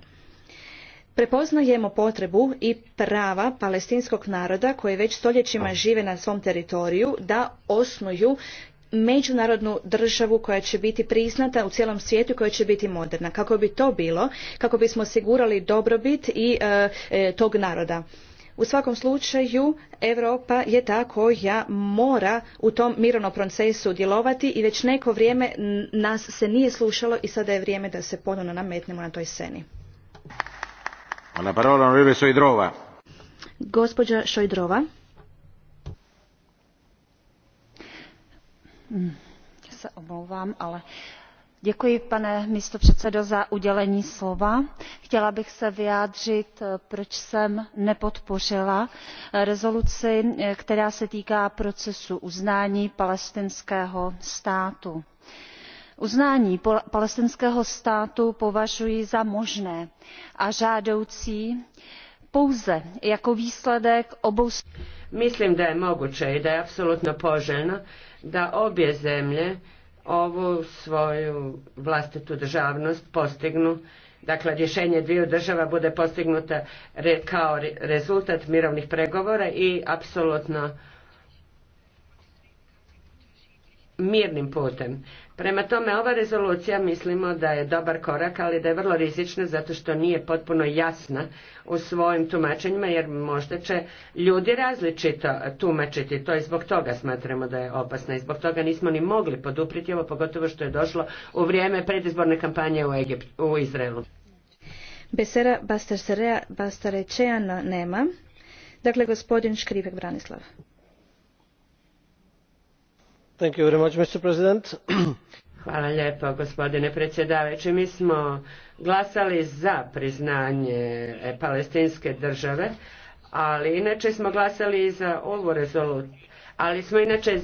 Prepoznajemo potrebu i prava palestinskog naroda koji već stoljećima žive na svom teritoriju da osnuju međunarodnu državu koja će biti priznata u cijelom svijetu i koja će biti moderna. Kako bi to bilo, kako bismo osigurali dobrobit i e, e, tog naroda. U svakom slučaju Europa je ta koja mora u tom mirovnom procesu djelovati i već neko vrijeme nas se nije slušalo i sada je vrijeme da se ponovno nametnemo na toj sceni parola Gospođa Šojdrova. Se ale Děkuji, pane předsedající za udělení slova. chtěla bych se vyjádřit eh, proč jsem nepodpořila eh, rezoluci eh, která se týká procesu uznání palestinského státu uznání palestinského státu považuji za možné a žádoucí pouze jako výsledek obou mislim da je moguće i da je apsolutno poželjno da obje zemlje ovu svoju vlastitu državnost postignu dakle rješenje dviju država bude postignuta kao rezultat mirovnih pregovora i apsolutno mirnim putem. Prema tome, ova rezolucija mislimo da je dobar korak, ali da je vrlo rizična zato što nije potpuno jasna u svojim tumačenjima, jer možda će ljudi različito tumačiti to i zbog toga smatramo da je opasna i zbog toga nismo ni mogli poduprijeti ovo, pogotovo što je došlo u vrijeme predizborne kampanje u, Egiptu u Izraelu. Besera Bastarečeana nema. Dakle, gospodin Škrivek Branislav. [CLEARS THROAT] Hvala gospodine predsjedavajući. Mi smo glasali za priznanje e, palestinske države, ali inače smo glasali i za ovu rezoluciju. Ali smo inače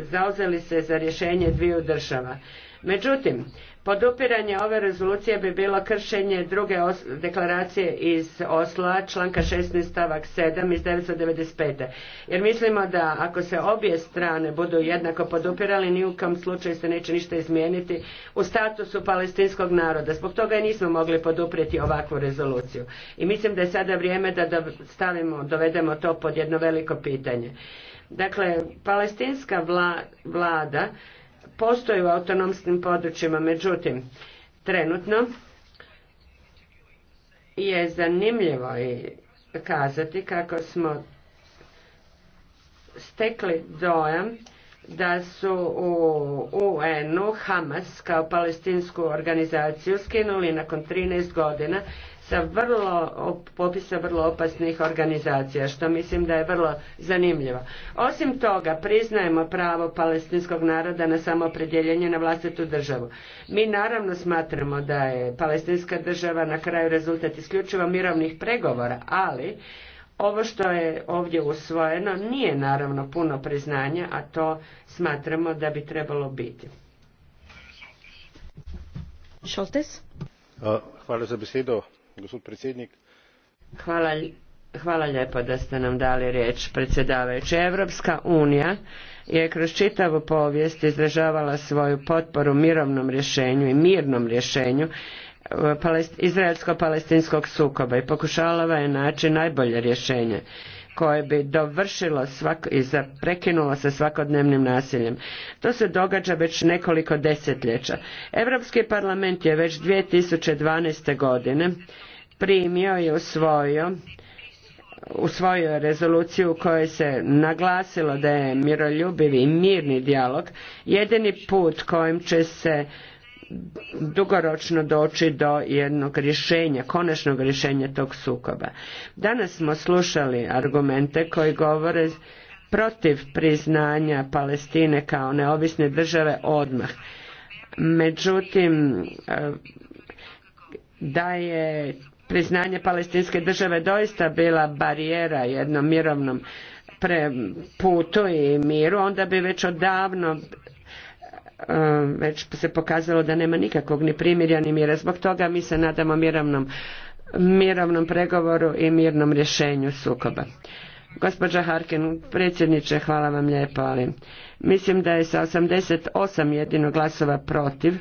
zauzeli se za rješenje dviju država. Međutim, podupiranje ove rezolucije bi bilo kršenje druge deklaracije iz Osla, članka 16. stavak 7. iz 1995. Jer mislimo da ako se obje strane budu jednako podupirali, ni u kom slučaju se neće ništa izmijeniti u statusu palestinskog naroda. Zbog toga i nismo mogli poduprijeti ovakvu rezoluciju. I mislim da je sada vrijeme da stavimo, dovedemo to pod jedno veliko pitanje. Dakle, palestinska vlada postoji u autonomskim područjima. Međutim, trenutno je zanimljivo i kazati kako smo stekli dojam da su u UN-u Hamas kao palestinsku organizaciju skinuli nakon 13 godina sa vrlo, popisa vrlo opasnih organizacija, što mislim da je vrlo zanimljivo. Osim toga, priznajemo pravo palestinskog naroda na samopredjeljenje na vlastitu državu. Mi naravno smatramo da je palestinska država na kraju rezultat isključivo mirovnih pregovora, ali ovo što je ovdje usvojeno nije naravno puno priznanja, a to smatramo da bi trebalo biti. Šoltes? Hvala za besedo Hvala, hvala lijepo da ste nam dali riječ predsjedavajući. Europska unija je kroz čitavu povijest izražavala svoju potporu mirovnom rješenju i mirnom rješenju eh, izraelsko-palestinskog sukoba i pokušavala je naći najbolje rješenje koje bi dovršilo svako, i prekinulo sa svakodnevnim nasiljem. To se događa već nekoliko desetljeća. Europski parlament je već 2012. godine primio i usvojio usvojio je rezoluciju u kojoj se naglasilo da je miroljubivi i mirni dijalog jedini put kojim će se dugoročno doći do jednog rješenja, konačnog rješenja tog sukoba. Danas smo slušali argumente koji govore protiv priznanja Palestine kao neovisne države odmah. Međutim, eh, da je priznanje palestinske države doista bila barijera jednom mirovnom putu i miru, onda bi već odavno Um, već se pokazalo da nema nikakvog ni primirja ni mira. Zbog toga mi se nadamo mirovnom, pregovoru i mirnom rješenju sukoba. Gospođa Harkin, predsjedniče, hvala vam lijepo, ali mislim da je sa 88 jedino glasova protiv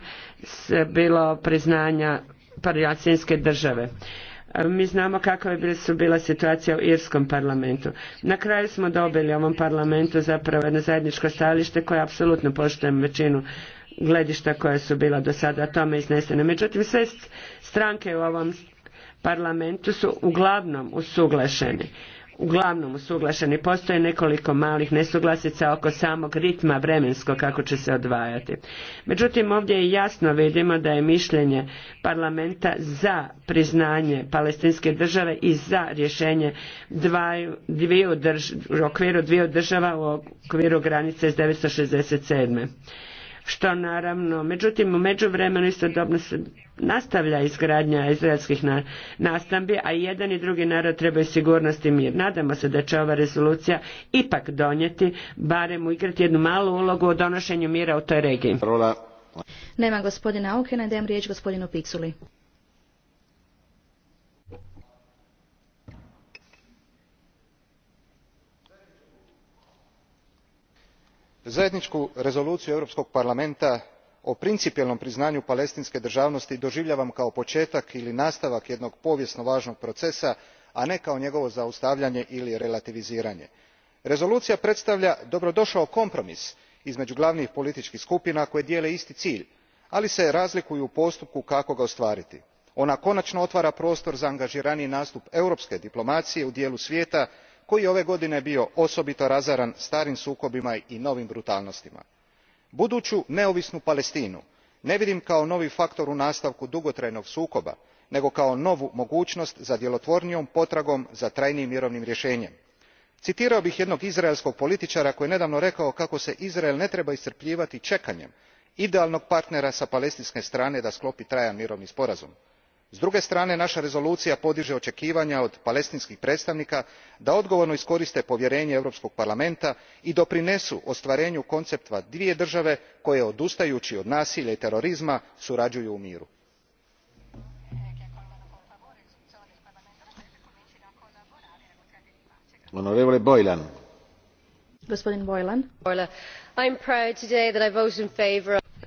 bilo priznanja paljacinske države. Mi znamo kakva su bila situacija u Irskom parlamentu. Na kraju smo dobili u ovom parlamentu zapravo jedno zajedničko stajalište koje apsolutno poštujem većinu gledišta koja su bila do sada tome iznesene. Međutim, sve stranke u ovom parlamentu su uglavnom usuglašene uglavnom usuglašeni. Postoje nekoliko malih nesuglasica oko samog ritma vremensko kako će se odvajati. Međutim, ovdje jasno vidimo da je mišljenje parlamenta za priznanje palestinske države i za rješenje u okviru dviju država u okviru granice iz 1967. Što naravno, međutim u međuvremenu istodobno se nastavlja izgradnja izraelskih nastambi, a jedan i drugi narod trebaju sigurnost i mir. Nadamo se da će ova rezolucija ipak donijeti, barem igrati jednu malu ulogu o donošenju mira u toj regiji. Nema gospodina Aukena, dajem riječ gospodinu Piculi. Zajedničku rezoluciju Europskog parlamenta o principijelnom priznanju palestinske državnosti doživljavam kao početak ili nastavak jednog povijesno važnog procesa a ne kao njegovo zaustavljanje ili relativiziranje. rezolucija predstavlja dobrodošao kompromis između glavnih političkih skupina koje dijele isti cilj ali se razlikuju u postupku kako ga ostvariti. ona konačno otvara prostor za angairaniji nastup europske diplomacije u dijelu svijeta koji je ove godine bio osobito razaran starim sukobima i novim brutalnostima. Buduću neovisnu palestinu ne vidim kao novi faktor u nastavku dugotrajnog sukoba nego kao novu mogućnost za djelotvornijom potragom za trajnijim mirovnim rješenjem. citirao bih jednog izraelskog političara koji je nedavno rekao kako se izrael ne treba iscrpljivati čekanjem idealnog partnera sa palestinske strane da sklopi trajan mirovni sporazum s druge strane naa rezolucija podiže očekivanja od palestinskih predstavnika da odgovorno iskoriste povjerenje europskog parlamenta i doprinesu ostvarenju koncepta dvije države koje odustajući od nasilja i terorizma surađuju u miru.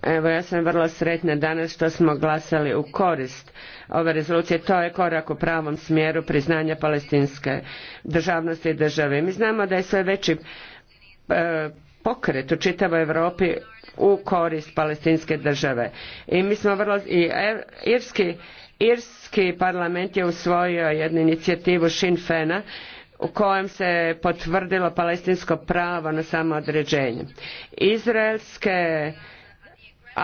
Evo, ja sam vrlo sretna danas što smo glasali u korist ove rezolucije. To je korak u pravom smjeru priznanja palestinske državnosti i države. Mi znamo da je sve veći e, pokret u čitavoj Europi u korist palestinske države. I mi smo vrlo irski irski parlament je usvojio jednu inicijativu Sinn u kojem se potvrdilo palestinsko pravo na samoodređenje. Izraelske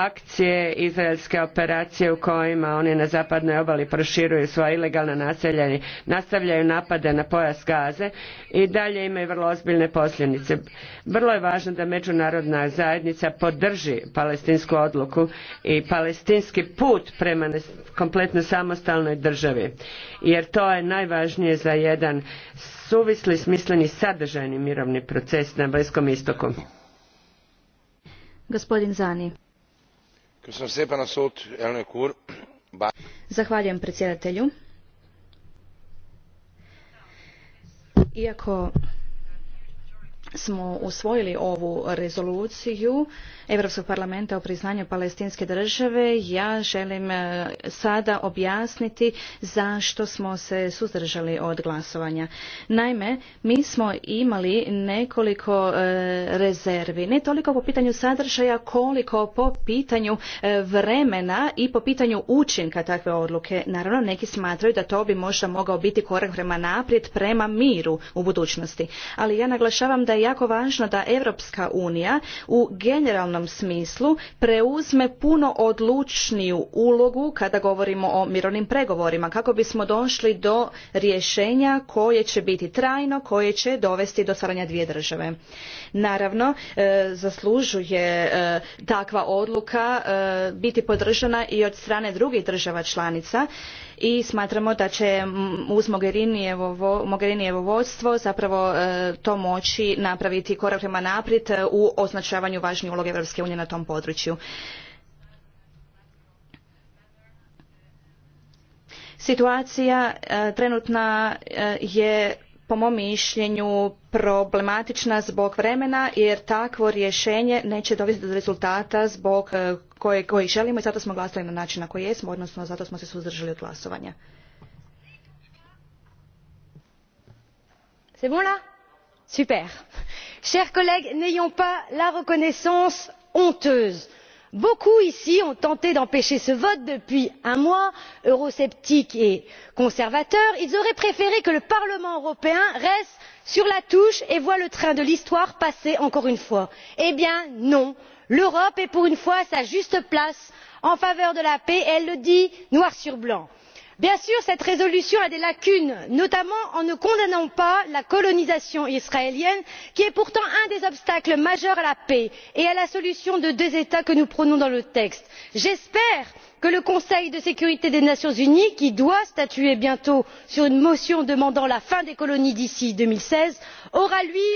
akcije, izraelske operacije u kojima oni na zapadnoj obali proširuju svoja ilegalna naselja nastavljaju napade na pojas Gaze i dalje imaju vrlo ozbiljne posljedice. Vrlo je važno da međunarodna zajednica podrži palestinsku odluku i palestinski put prema kompletno samostalnoj državi jer to je najvažnije za jedan suvisli, smisleni, sadržajni mirovni proces na Bliskom istoku. Gospodin Zani. Zahvaljujem predsjedatelju. Iako smo usvojili ovu rezoluciju Europskog parlamenta o priznanju palestinske države, ja želim e, sada objasniti zašto smo se suzdržali od glasovanja. Naime, mi smo imali nekoliko e, rezervi, ne toliko po pitanju sadržaja, koliko po pitanju e, vremena i po pitanju učinka takve odluke. Naravno, neki smatraju da to bi možda mogao biti korak prema naprijed, prema miru u budućnosti. Ali ja naglašavam da je jako važno da Europska unija u generalnom smislu preuzme puno odlučniju ulogu kada govorimo o mirovnim pregovorima kako bismo došli do rješenja koje će biti trajno, koje će dovesti do stvaranja dvije države. Naravno, e, zaslužuje e, takva odluka e, biti podržana i od strane drugih država članica i smatramo da će uz Mogherinijevo, vodstvo zapravo e, to moći napraviti korak prema naprijed e, u označavanju važnije uloge Europske unije na tom području. Situacija e, trenutna je po mom mišljenju problematična zbog vremena jer takvo rješenje neće dovesti do rezultata zbog koji želimo i zato smo glasali na način na koji jesmo, odnosno zato smo se suzdržali od glasovanja. C'est bon là Super. Chers collègues, n'ayons pas la reconnaissance honteuse. Beaucoup ici ont tenté d'empêcher ce vote depuis un mois, eurosceptiques et conservateurs. Ils auraient préféré que le Parlement européen reste sur la touche et voit le train de l'histoire passer encore une fois. Eh bien non l'europe est pour une fois à sa juste place en faveur de la paix et elle le dit noir sur blanc. bien sûr cette résolution a des lacunes notamment en ne condamnant pas la colonisation israélienne qui est pourtant un des obstacles majeurs à la paix et à la solution de deux états que nous prônons dans le texte. j'espère que que le conseil de sécurité des nations unies qui doit statuer bientôt sur une motion demandant la fin des colonies d'ici deux mille seize aura lui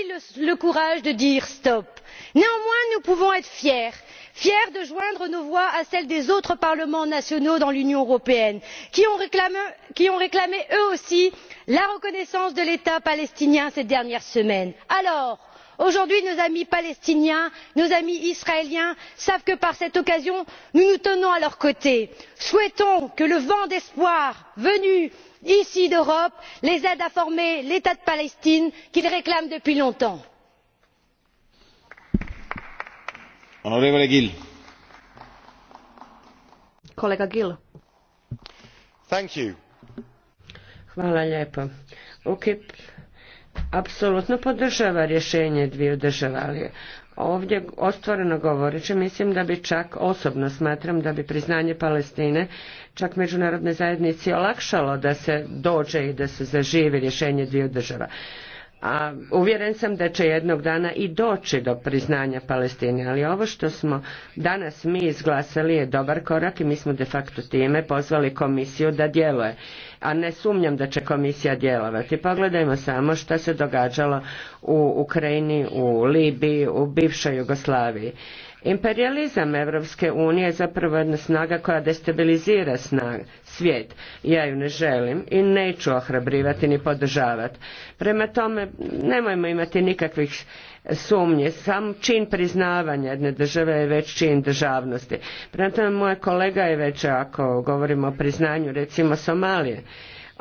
le courage de dire stop. néanmoins nous pouvons être fiers fiers de joindre nos voix à celles des autres parlements nationaux dans l'union européenne qui ont réclamé eux aussi la reconnaissance de l'état palestinien ces dernières semaines. alors aujourd'hui nos amis palestiniens nos amis israéliens savent que par cette occasion nous nous tenons à leurs côtés. souhaitons que le vent d'espoir venu ici d'europe les aide à former l'état de palestine qu'ils réclament depuis longtemps apsolutno podržava rješenje dviju država, ali ovdje ostvoreno govoreći mislim da bi čak osobno smatram da bi priznanje Palestine čak međunarodne zajednici olakšalo da se dođe i da se zaživi rješenje dviju država a uvjeren sam da će jednog dana i doći do priznanja Palestine, ali ovo što smo danas mi izglasali je dobar korak i mi smo de facto time pozvali komisiju da djeluje. A ne sumnjam da će komisija djelovati. Pogledajmo samo što se događalo u Ukrajini, u Libiji, u bivšoj Jugoslaviji. Imperializam Europske unije je zapravo jedna snaga koja destabilizira svijet. Ja ju ne želim i neću ohrabrivati ni podržavati. Prema tome, nemojmo imati nikakvih sumnje. Sam čin priznavanja jedne države je već čin državnosti. Prema tome, moj kolega je već, ako govorimo o priznanju, recimo Somalije,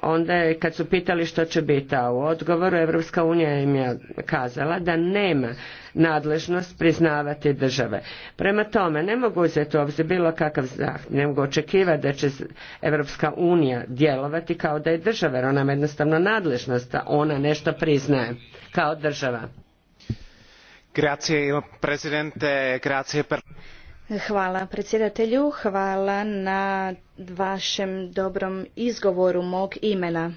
onda je kad su pitali što će biti, a u odgovoru Europska unija im je kazala da nema nadležnost priznavati države. Prema tome, ne mogu uzeti u obzir bilo kakav zahtjev, ne mogu očekivati da će Europska unija djelovati kao da je država, jer ona ima jednostavno nadležnost, da ona nešto priznaje kao država. Grazie, Hvala predsjedatelju, hvala na vašem dobrom izgovoru mog imena.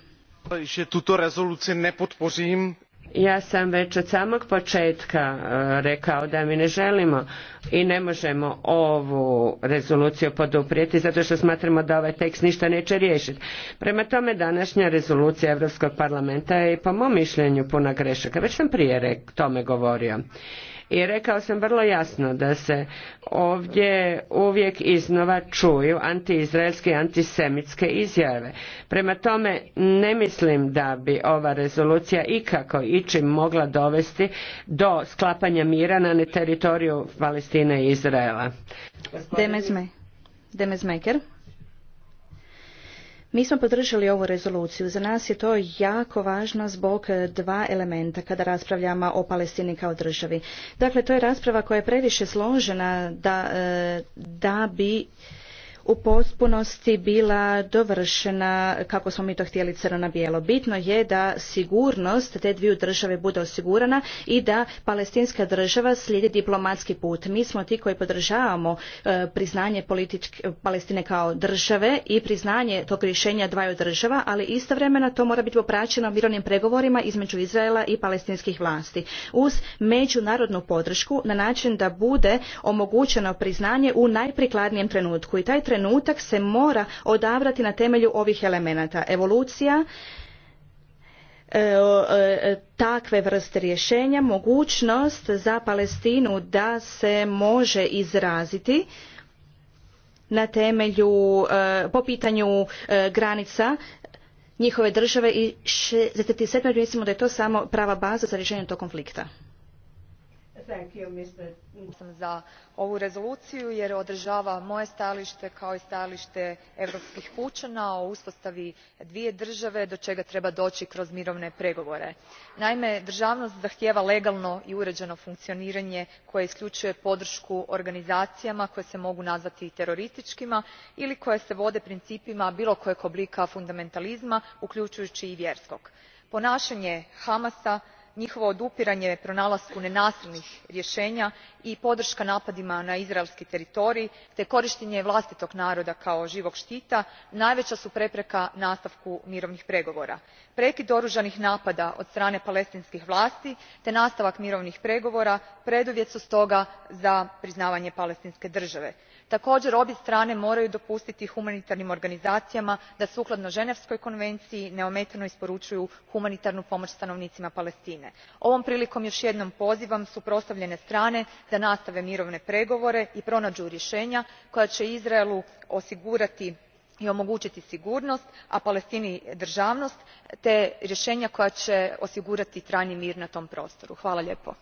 Tuto rezoluciju ne podpožim. Ja sam već od samog početka e, rekao da mi ne želimo i ne možemo ovu rezoluciju poduprijeti zato što smatramo da ovaj tekst ništa neće riješiti. Prema tome današnja rezolucija Europskog parlamenta je po mom mišljenju puna grešaka. Već sam prije tome govorio. I rekao sam vrlo jasno da se ovdje uvijek iznova čuju antiizraelske i antisemitske izjave. Prema tome ne mislim da bi ova rezolucija ikako ičim mogla dovesti do sklapanja mira na teritoriju Palestine i Izraela. Demezme. Demezmeker. Mi smo podržali ovu rezoluciju. Za nas je to jako važno zbog e, dva elementa kada raspravljamo o Palestini kao državi. Dakle, to je rasprava koja je previše složena da, e, da bi u potpunosti bila dovršena kako smo mi to htjeli crno na bijelo. Bitno je da sigurnost te dviju države bude osigurana i da palestinska država slijedi diplomatski put. Mi smo ti koji podržavamo e, priznanje Palestine kao države i priznanje tog rješenja dvaju država, ali istovremeno to mora biti popraćeno mirovnim pregovorima između Izraela i palestinskih vlasti uz međunarodnu podršku na način da bude omogućeno priznanje u najprikladnijem trenutku i taj trenutak trenutak se mora odabrati na temelju ovih elemenata. Evolucija, e, e, takve vrste rješenja, mogućnost za Palestinu da se može izraziti na temelju, e, po pitanju granica njihove države i 67. mislimo da je to samo prava baza za rješenje tog konflikta sam za ovu rezoluciju jer odražava moje stajalište kao i stajalište europskih pučana o uspostavi dvije države do čega treba doći kroz mirovne pregovore. naime državnost zahtijeva legalno i uređeno funkcioniranje koje isključuje podršku organizacijama koje se mogu nazvati terorističkima ili koje se vode principima bilo kojeg oblika fundamentalizma uključujući i vjerskog. ponašanje hamasa njihovo odupiranje pronalasku nenasilnih rješenja i podrška napadima na izraelski teritorij te korištenje vlastitog naroda kao živog štita najveća su prepreka nastavku mirovnih pregovora. prekid oružanih napada od strane palestinskih vlasti te nastavak mirovnih pregovora preduvjet su stoga za priznavanje palestinske države također obje strane moraju dopustiti humanitarnim organizacijama da sukladno ženevskoj konvenciji neometano isporučuju humanitarnu pomoć stanovnicima palestine. ovom prilikom još jednom pozivam suprotstavljene strane da nastave mirovne pregovore i pronađu rješenja koja će izraelu osigurati i omogućiti sigurnost a palestini državnost te rješenja koja će osigurati trajni mir na tom prostoru. hvala lijepo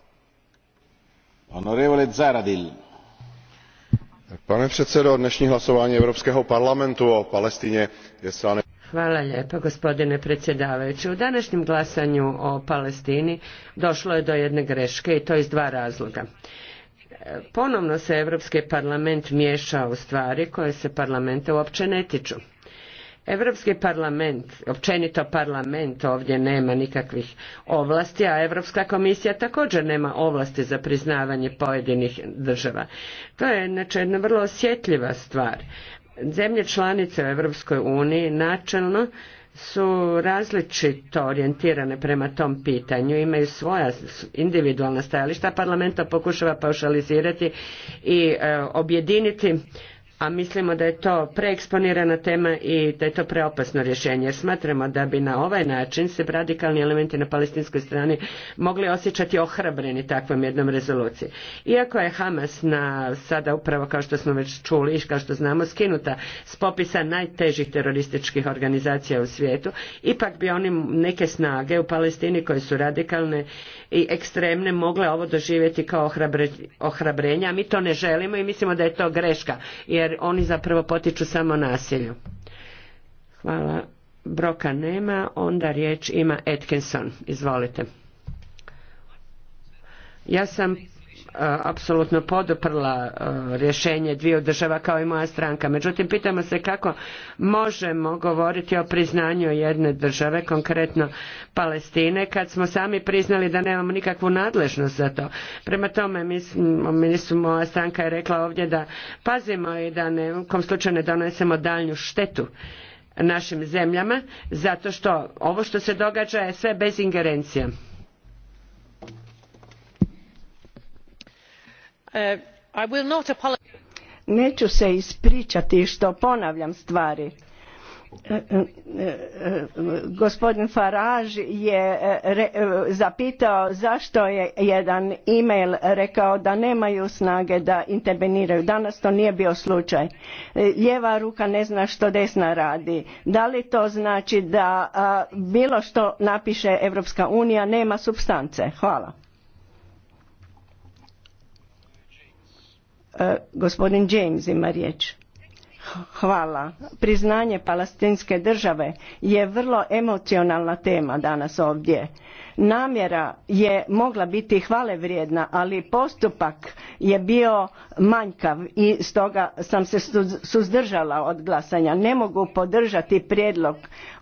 pane predsjedniče dnešní glasovanje europskog parlamentu o palestini je hvala lijepa gospodine predsjedavajući. u današnjem glasanju o palestini došlo je do jedne greške i to iz dva razloga. ponovno se europski parlament miješa u stvari koje se parlamenta uopće ne tiču Europski parlament, općenito parlament ovdje nema nikakvih ovlasti, a Europska komisija također nema ovlasti za priznavanje pojedinih država. To je znači jedna vrlo osjetljiva stvar. Zemlje članice u Europskoj uniji načelno su različito orijentirane prema tom pitanju, imaju svoja individualna stajališta, parlament pokušava paušalizirati i e, objediniti a mislimo da je to preeksponirana tema i da je to preopasno rješenje. Smatramo da bi na ovaj način se radikalni elementi na palestinskoj strani mogli osjećati ohrabreni takvom jednom rezolucijom. Iako je Hamas na sada upravo kao što smo već čuli i kao što znamo skinuta s popisa najtežih terorističkih organizacija u svijetu, ipak bi oni neke snage u Palestini koje su radikalne i ekstremne mogle ovo doživjeti kao ohrabrenje, a mi to ne želimo i mislimo da je to greška jer jer oni zapravo potiču samo nasilju. Hvala. Broka nema, onda riječ ima Atkinson. Izvolite. Ja sam apsolutno poduprla rješenje dviju država kao i moja stranka. Međutim, pitamo se kako možemo govoriti o priznanju jedne države, konkretno Palestine, kad smo sami priznali da nemamo nikakvu nadležnost za to. Prema tome, moja stranka je rekla ovdje da pazimo i da ne, u kom slučaju ne donesemo daljnju štetu našim zemljama, zato što ovo što se događa je sve bez ingerencija. Uh, neću se ispričati što ponavljam stvari e, e, e, gospodin Farage je zapitao zašto je jedan e rekao da nemaju snage da interveniraju. Danas to nije bio slučaj. Lijeva ruka ne zna što desna radi. Da li to znači da bilo što napiše Europska unija nema substance? Hvala. E, gospodin James ima riječ. Hvala. Priznanje palestinske države je vrlo emocionalna tema danas ovdje. Namjera je mogla biti hvale vrijedna, ali postupak je bio manjkav i stoga sam se suzdržala od glasanja. Ne mogu podržati prijedlog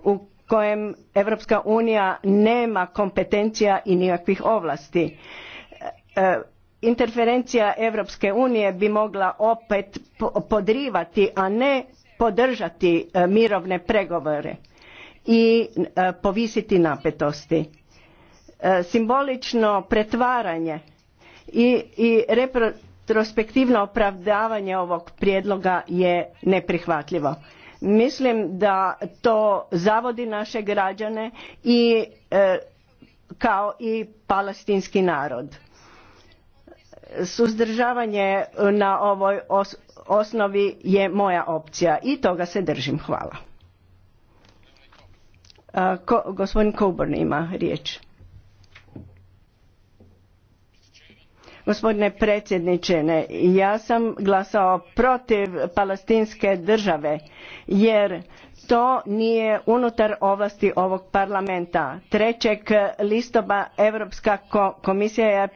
u kojem Europska unija nema kompetencija i nikakvih ovlasti. E, interferencija Europske unije bi mogla opet podrivati, a ne podržati e, mirovne pregovore i e, povisiti napetosti. E, simbolično pretvaranje i, i retrospektivno opravdavanje ovog prijedloga je neprihvatljivo. Mislim da to zavodi naše građane i kao i palestinski narod Suzdržavanje e, na ovoj osnovi je moja opcija i toga se držim. Hvala. E, gospodin Coburn ima riječ. Gospodine predsjedniče, ja sam glasao protiv palestinske države jer to nije unutar ovlasti ovog parlamenta. Trećeg listopada Europska komisija je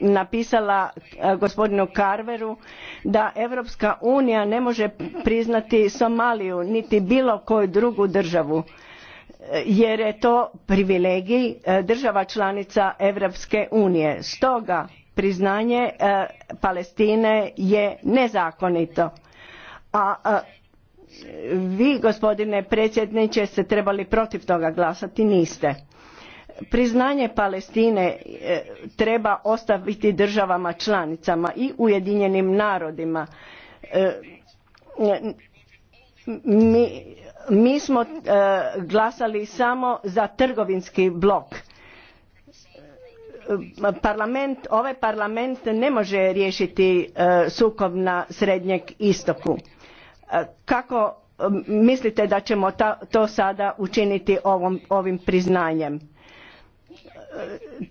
napisala e, gospodinu Carveru da Europska unija ne može priznati Somaliju niti bilo koju drugu državu e, jer je to privilegij e, država članica Europske unije. Stoga priznanje e, Palestine je nezakonito. A e, vi gospodine predsjedniče ste trebali protiv toga glasati, niste. Priznanje Palestine e, treba ostaviti državama članicama i Ujedinjenim narodima. mi smo glasali samo za trgovinski blok ovaj parlament ne može riješiti e, sukob na Srednjeg istoku. E, kako mislite da ćemo to sada učiniti ovim priznanjem? E,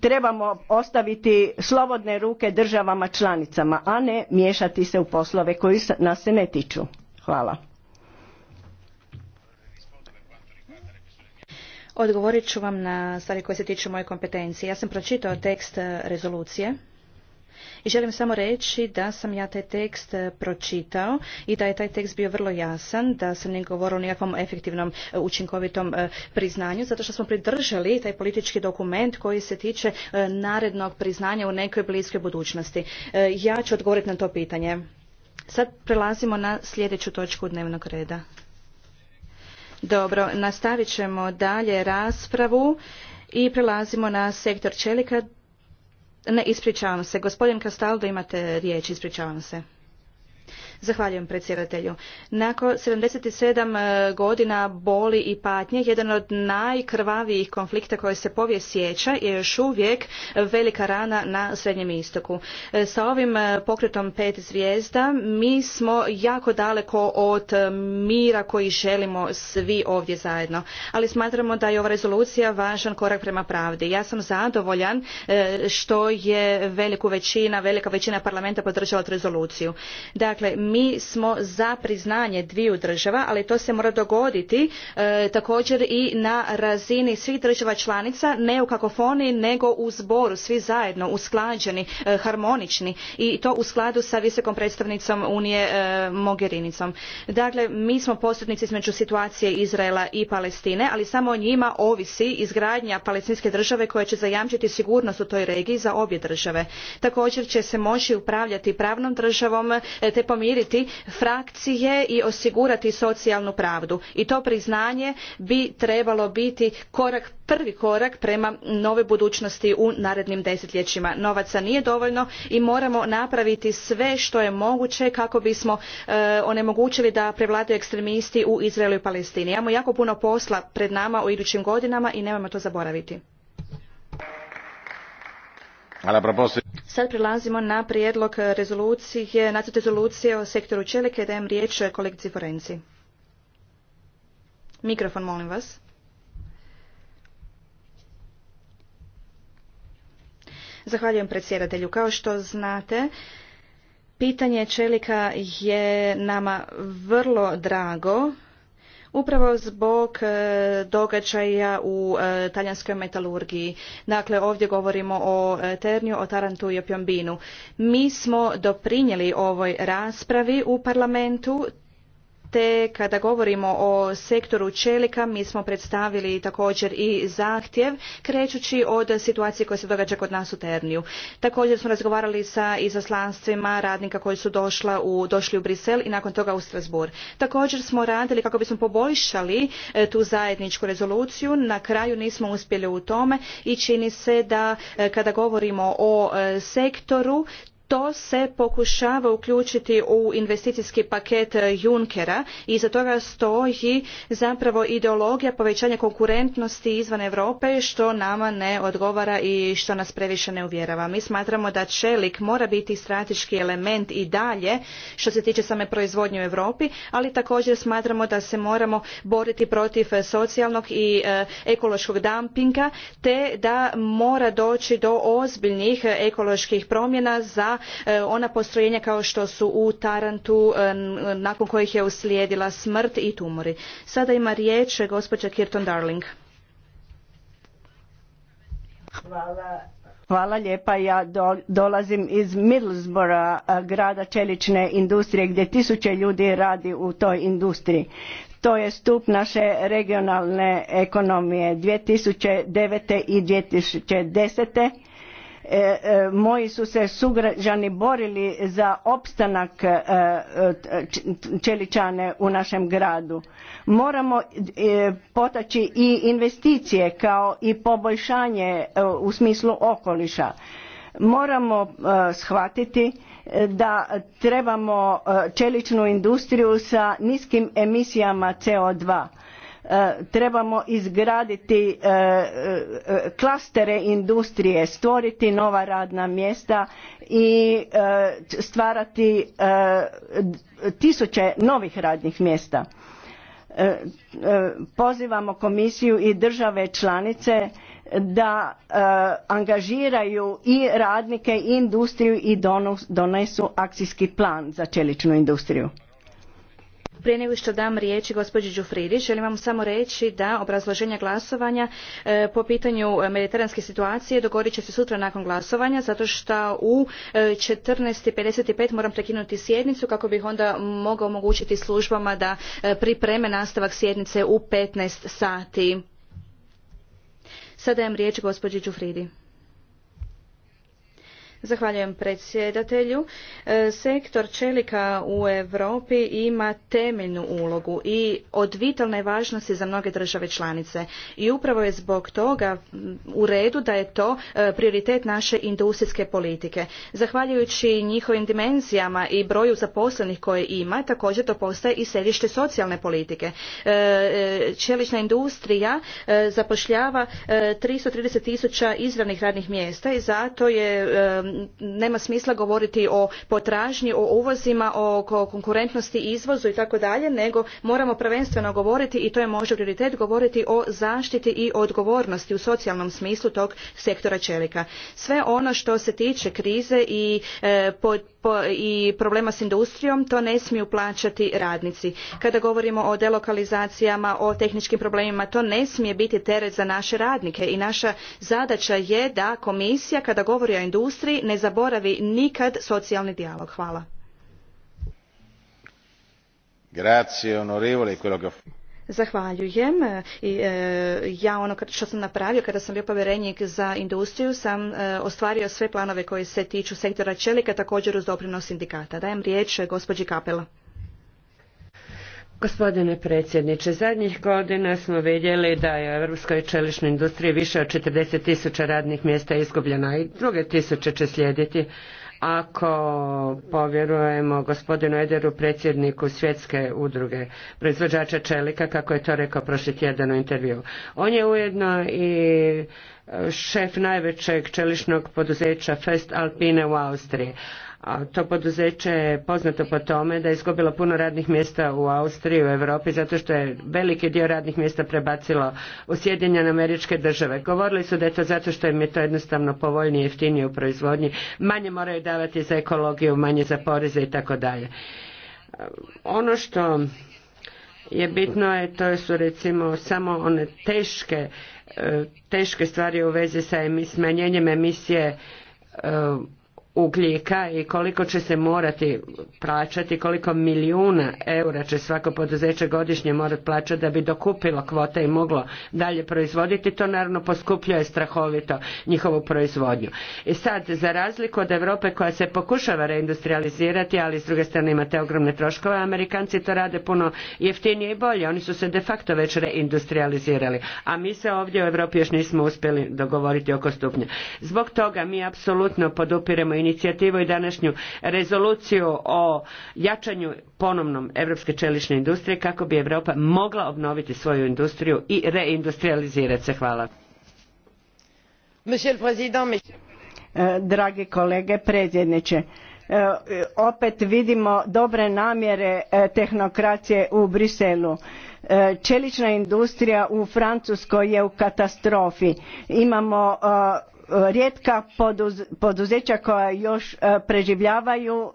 trebamo ostaviti slobodne ruke državama članicama, a ne miješati se u poslove koji nas se ne tiču. Hvala. Odgovorit ću vam na stvari koje se tiču moje kompetencije. Ja sam pročitao tekst e, rezolucije i želim samo reći da sam ja taj tekst e, pročitao i da je taj tekst bio vrlo jasan, da sam ne govorio o nikakvom efektivnom e, učinkovitom priznanju, zato što smo pridržali taj politički dokument koji se tiče narednog priznanja u nekoj bliskoj budućnosti. Ja ću odgovoriti na to pitanje. Sad prelazimo na sljedeću točku dnevnog reda. Dobro, nastavit ćemo dalje raspravu i prelazimo na sektor čelika. Ne, ispričavam se. Gospodin Kastaldo, imate riječ, ispričavam se. Zahvaljujem predsjedatelju. Nakon 77 e, godina boli i patnje, jedan od najkrvavijih konflikta koje se povije sjeća je još uvijek velika rana na Srednjem istoku. E, sa ovim e, pokretom pet zvijezda mi smo jako daleko od mira koji želimo svi ovdje zajedno. Ali smatramo da je ova rezolucija važan korak prema pravdi. Ja sam zadovoljan što je veliku većina, velika većina parlamenta podržala rezoluciju. Dakle, mi smo za priznanje dviju država ali to se mora dogoditi e, također i na razini svih država članica ne u kakofoniji nego u zboru svi zajedno usklađeni e, harmonični i to u skladu sa visokom predstavnicom unije e, mogherinicom. dakle mi smo posrednici između situacije izraela i palestine ali samo o njima ovisi izgradnja palestinske države koja će zajamčiti sigurnost u toj regiji za obje države. također će se moći upravljati pravnom državom te pomiriti pomiriti frakcije i osigurati socijalnu pravdu i to priznanje bi trebalo biti korak prvi korak prema novoj budućnosti u narednim desetljećima novaca nije dovoljno i moramo napraviti sve što je moguće kako bismo e, onemogućili da prevladaju ekstremisti u Izraelu i Palestini imamo jako puno posla pred nama u idućim godinama i nemojmo to zaboraviti Sad prelazimo na prijedlog rezolucije, nacrt rezolucije o sektoru čelike. Dajem riječ kolegici Forenci. Mikrofon, molim vas. Zahvaljujem predsjedatelju. Kao što znate, pitanje čelika je nama vrlo drago upravo zbog e, događaja u e, talijanskoj metalurgiji. Dakle, ovdje govorimo o e, Terniju, o Tarantu i o Pjombinu. Mi smo doprinijeli ovoj raspravi u parlamentu te kada govorimo o sektoru čelika, mi smo predstavili također i zahtjev, krećući od situacije koja se događa kod nas u Terniju. Također smo razgovarali sa izaslanstvima radnika koji su došla u, došli u Brisel i nakon toga u Strasbourg. Također smo radili kako bismo poboljšali e, tu zajedničku rezoluciju. Na kraju nismo uspjeli u tome i čini se da e, kada govorimo o e, sektoru, to se pokušava uključiti u investicijski paket e, junckera i iza toga stoji zapravo ideologija povećanja konkurentnosti izvan europe što nama ne odgovara i što nas previše ne uvjerava. mi smatramo da čelik mora biti strateški element i dalje što se tiče same proizvodnje u europi ali također smatramo da se moramo boriti protiv socijalnog i e, ekološkog dampinga te da mora doći do ozbiljnih ekoloških promjena za E, ona postrojenja kao što su u Tarantu e, nakon kojih je uslijedila smrt i tumori. Sada ima riječ gospođa Kirton Darling. Hvala. lijepa. Ja dolazim iz Middlesbora, e, grada čelične industrije, gdje tisuće ljudi radi u toj industriji. To je stup naše regionalne ekonomije. 2009. i 2010 E, e, moji su se sugrađani borili za opstanak e, čeličane u našem gradu moramo potaći i investicije kao i poboljšanje u smislu okoliša moramo shvatiti da trebamo čeličnu industriju sa niskim emisijama CO2 Eh, trebamo izgraditi eh, eh, klastere industrije stvoriti nova radna mjesta i stvarati tisuće novih radnih mjesta pozivamo komisiju i države članice da angažiraju i radnike i industriju i donesu akcijski plan za čeličnu industriju prije nego što dam riječi gospođi Đufridić. želim vam samo reći da obrazloženje glasovanja e, po pitanju e, mediteranske situacije dogodit će se sutra nakon glasovanja, zato što u 14.55 e, moram prekinuti sjednicu kako bih onda mogao omogućiti službama da pripreme nastavak sjednice u 15 sati. Sada dajem riječ gospođi Đufridić. Zahvaljujem predsjedatelju. E, sektor čelika u Europi ima temeljnu ulogu i od vitalne važnosti za mnoge države članice. I upravo je zbog toga mm, u redu da je to e, prioritet naše industrijske politike. Zahvaljujući njihovim dimenzijama i broju zaposlenih koje ima, također to postaje i središte socijalne politike. E, čelična industrija zapošljava 330 tisuća izravnih radnih mjesta i zato je nema smisla govoriti o potražnji o uvozima o konkurentnosti izvozu i tako dalje nego moramo prvenstveno govoriti i to je možda prioritet govoriti o zaštiti i odgovornosti u socijalnom smislu tog sektora čelika sve ono što se tiče krize i e, i problema s industrijom to ne smiju plaćati radnici. Kada govorimo o delokalizacijama, o tehničkim problemima, to ne smije biti teret za naše radnike i naša zadaća je da komisija kada govori o industriji ne zaboravi nikad socijalni dijalog. Hvala. Zahvaljujem. E, I, e, ja ono što sam napravio kada sam bio povjerenik za industriju sam e, ostvario sve planove koji se tiču sektora čelika također uz doprinos sindikata. Dajem riječ gospođi Kapela. Gospodine predsjedniče, zadnjih godina smo vidjeli da je u Europskoj čeličnoj industriji više od 40 tisuća radnih mjesta izgubljeno i druge tisuće će slijediti ako povjerujemo gospodinu Ederu, predsjedniku svjetske udruge proizvođača čelika, kako je to rekao prošli tjedan u intervju. On je ujedno i e, šef najvećeg čeličnog poduzeća Fest Alpine u Austriji to poduzeće je poznato po tome da je izgubilo puno radnih mjesta u Austriji, u Europi, zato što je veliki dio radnih mjesta prebacilo u Sjedinjene američke države. Govorili su da je to zato što im je to jednostavno povoljnije, jeftinije u proizvodnji, manje moraju davati za ekologiju, manje za poreze i tako dalje. Ono što je bitno je to su recimo samo one teške, e, teške stvari u vezi sa smanjenjem emisije e, ugljika i koliko će se morati plaćati, koliko milijuna eura će svako poduzeće godišnje morati plaćati da bi dokupilo kvote i moglo dalje proizvoditi, to naravno poskupljuje strahovito njihovu proizvodnju. I sad, za razliku od Europe koja se pokušava reindustrializirati, ali s druge strane imate ogromne troškove, Amerikanci to rade puno jeftinije i bolje, oni su se de facto već reindustrializirali, a mi se ovdje u Europi još nismo uspjeli dogovoriti oko stupnja. Zbog toga mi apsolutno podupiremo i inicijativu i današnju rezoluciju o jačanju ponovnom europske čelične industrije kako bi Europa mogla obnoviti svoju industriju i reindustrializirati se. Hvala. E, Dragi kolege, predsjedniče, e, opet vidimo dobre namjere e, tehnokracije u Briselu čelična industrija u francuskoj je u katastrofi imamo rijetka poduzeća koja još e, preživljavaju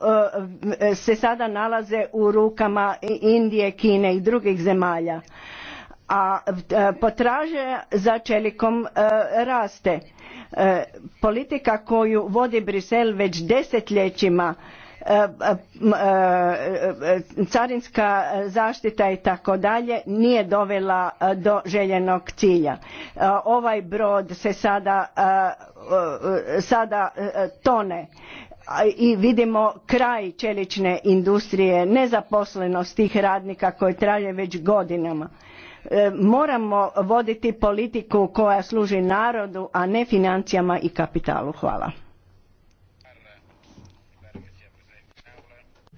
e, se sada nalaze u rukama Indije, Kine i drugih zemalja. A e, potraže za čelikom raste. Politika koju vodi Brisel već desetljećima Eh, eh, eh, carinska zaštita i tako dalje nije dovela do željenog cilja. Ovaj brod se sada, sada tone i vidimo kraj čelične industrije, nezaposlenost tih radnika koji traje već godinama. Moramo voditi politiku koja služi narodu, a ne financijama i kapitalu. Hvala.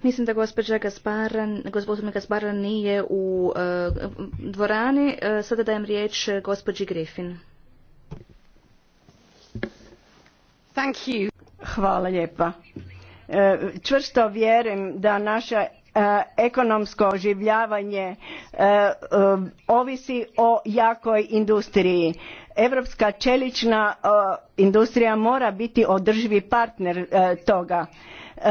Mislim da gospođa gospodin nije u e, dvorani. E, sada dajem riječ gospođi Griffin. Hvala lijepa. E, čvrsto vjerujem da naša ekonomsko oživljavanje ovisi o jakoj industriji. Europska čelična industrija mora biti održivi partner toga Eh,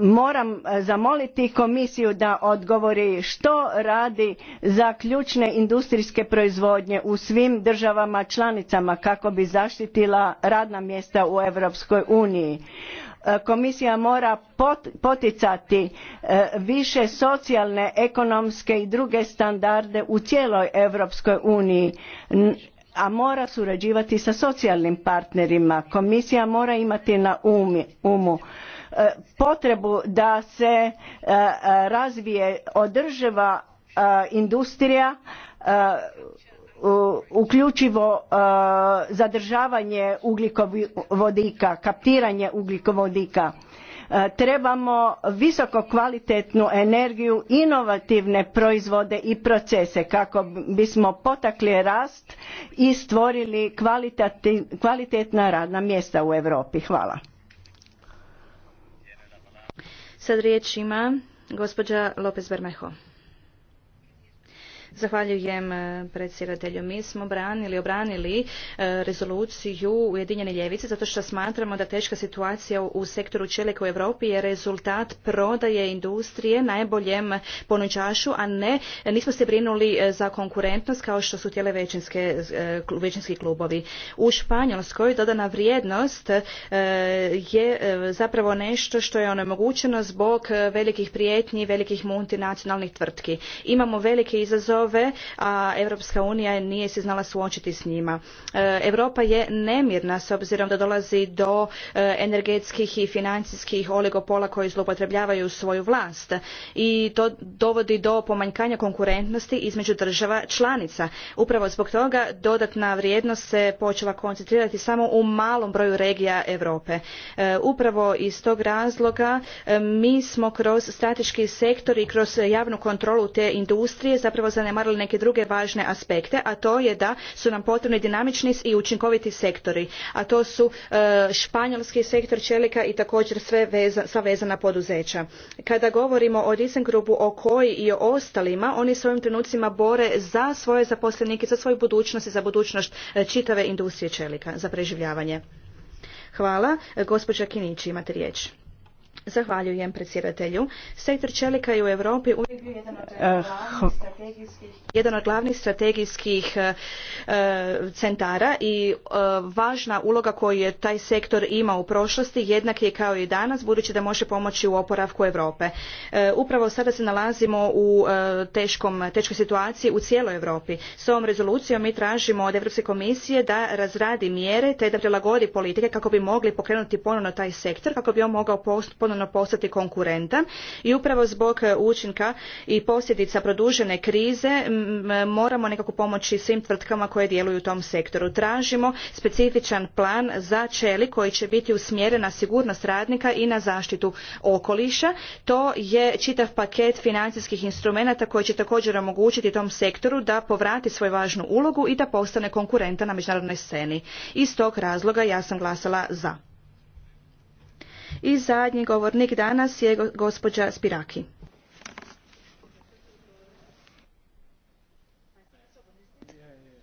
moram zamoliti komisiju da odgovori što radi za ključne industrijske proizvodnje u svim državama članicama kako bi zaštitila radna mjesta u europskoj uniji eh, komisija mora poticati eh, više socijalne ekonomske i druge standarde u cijeloj europskoj uniji a mora surađivati sa socijalnim partnerima. Komisija mora imati na umu e, potrebu da se e, razvije održiva e, industrija uključivo zadržavanje ugljikovodika, kaptiranje ugljikovodika E, trebamo visoko kvalitetnu energiju inovativne proizvode i procese kako bismo potakli rast i stvorili kvalitetna radna mjesta u europi hvala gospođa Lopez Bermejo. Zahvaljujem e, predsjedatelju. Mi smo branili, obranili e, rezoluciju Ujedinjene ljevice zato što smatramo da teška situacija u sektoru čelika u Europi je rezultat prodaje industrije najboljem ponuđašu, a ne nismo se brinuli e, za konkurentnost kao što su tijele većinski klubovi. U Španjolskoj dodana vrijednost je zapravo nešto što je onemogućeno zbog velikih prijetnji, velikih multinacionalnih tvrtki. Imamo velike izazove izazove, a Europska unija nije se znala suočiti s njima. E, Europa je nemirna s obzirom da dolazi do e, energetskih i financijskih oligopola koji zloupotrebljavaju svoju vlast i to dovodi do pomanjkanja konkurentnosti između država članica. Upravo zbog toga dodatna vrijednost se počela koncentrirati samo u malom broju regija Europe. E, upravo iz tog razloga mi smo kroz strateški sektor i kroz javnu kontrolu te industrije zapravo zanemarili neke druge važne aspekte a to je da su nam potrebni dinamični i učinkoviti sektori a to su e, španjolski sektor čelika i također sve sva vezana poduzeća. kada govorimo o o koji i o ostalima oni se u ovim trenucima bore za svoje zaposlenike za svoju budućnost i za budućnost e, čitave industrije čelika za preživljavanje. Hvala. E, gospođa Kinić, imate riječ. Zahvaljujem predsjedatelju. Sektor čelika je u Europi eh, jedan od glavnih strategijskih, eh, eh, centara i važna uloga koju je taj sektor imao u prošlosti jednak je kao i danas budući da može pomoći u oporavku Europe. upravo sada se nalazimo u teškom, teškoj situaciji u cijeloj Europi. S ovom rezolucijom mi tražimo od Europske komisije da razradi mjere te da prilagodi politike kako bi mogli pokrenuti ponovno taj sektor kako bi on mogao ponovno jednostavno postati konkurentan i upravo zbog e, učinka i posljedica produžene krize moramo nekako pomoći svim tvrtkama koje djeluju u tom sektoru. Tražimo specifičan plan za čeli koji će biti usmjeren na sigurnost radnika i na zaštitu okoliša. To je čitav paket financijskih instrumenata koji će također omogućiti tom sektoru da povrati svoju važnu ulogu i da postane konkurentan na međunarodnoj sceni. Iz tog razloga ja sam glasala za. I zadnji govornik danas je gospođa Spiraki.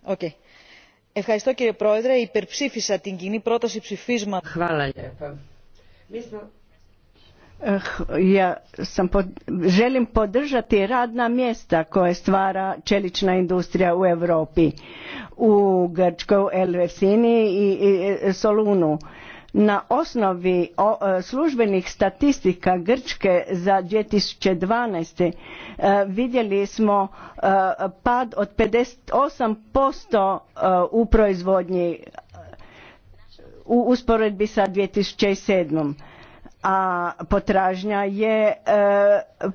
Okay. Hvala lijepa. Mi smo... Ja sam želim podržati radna mjesta koje stvara čelična industrija u Europi, u Grčkoj, u Elvesini i Solunu. Na osnovi e, službenih statistika Grčke za 2012. E, vidjeli smo e, pad od 58% u proizvodnji u usporedbi sa 2007 a potražnja je e,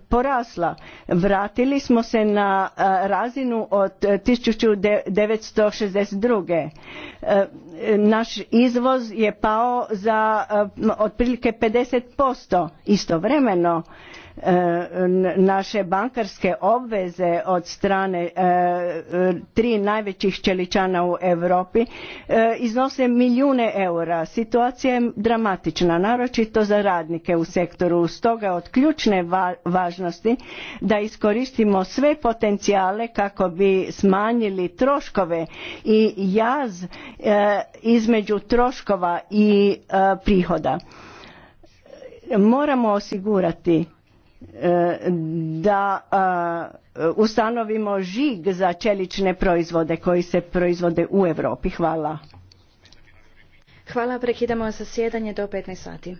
porasla. Vratili smo se na e, razinu od 1962. E, naš izvoz je pao za otprilike 50%. Istovremeno E, naše bankarske obveze od strane e, e, tri najvećih čeličana u Europi iznose milijune eura. Situacija je dramatična, naročito za radnike u sektoru. Stoga od ključne važnosti da iskoristimo sve potencijale kako bi smanjili troškove i jaz između troškova i prihoda. Moramo osigurati da e, ustanovimo žig za čelične proizvode koji se proizvode u Europi. Hvala. Hvala, prekidamo zasjedanje do 15 sati.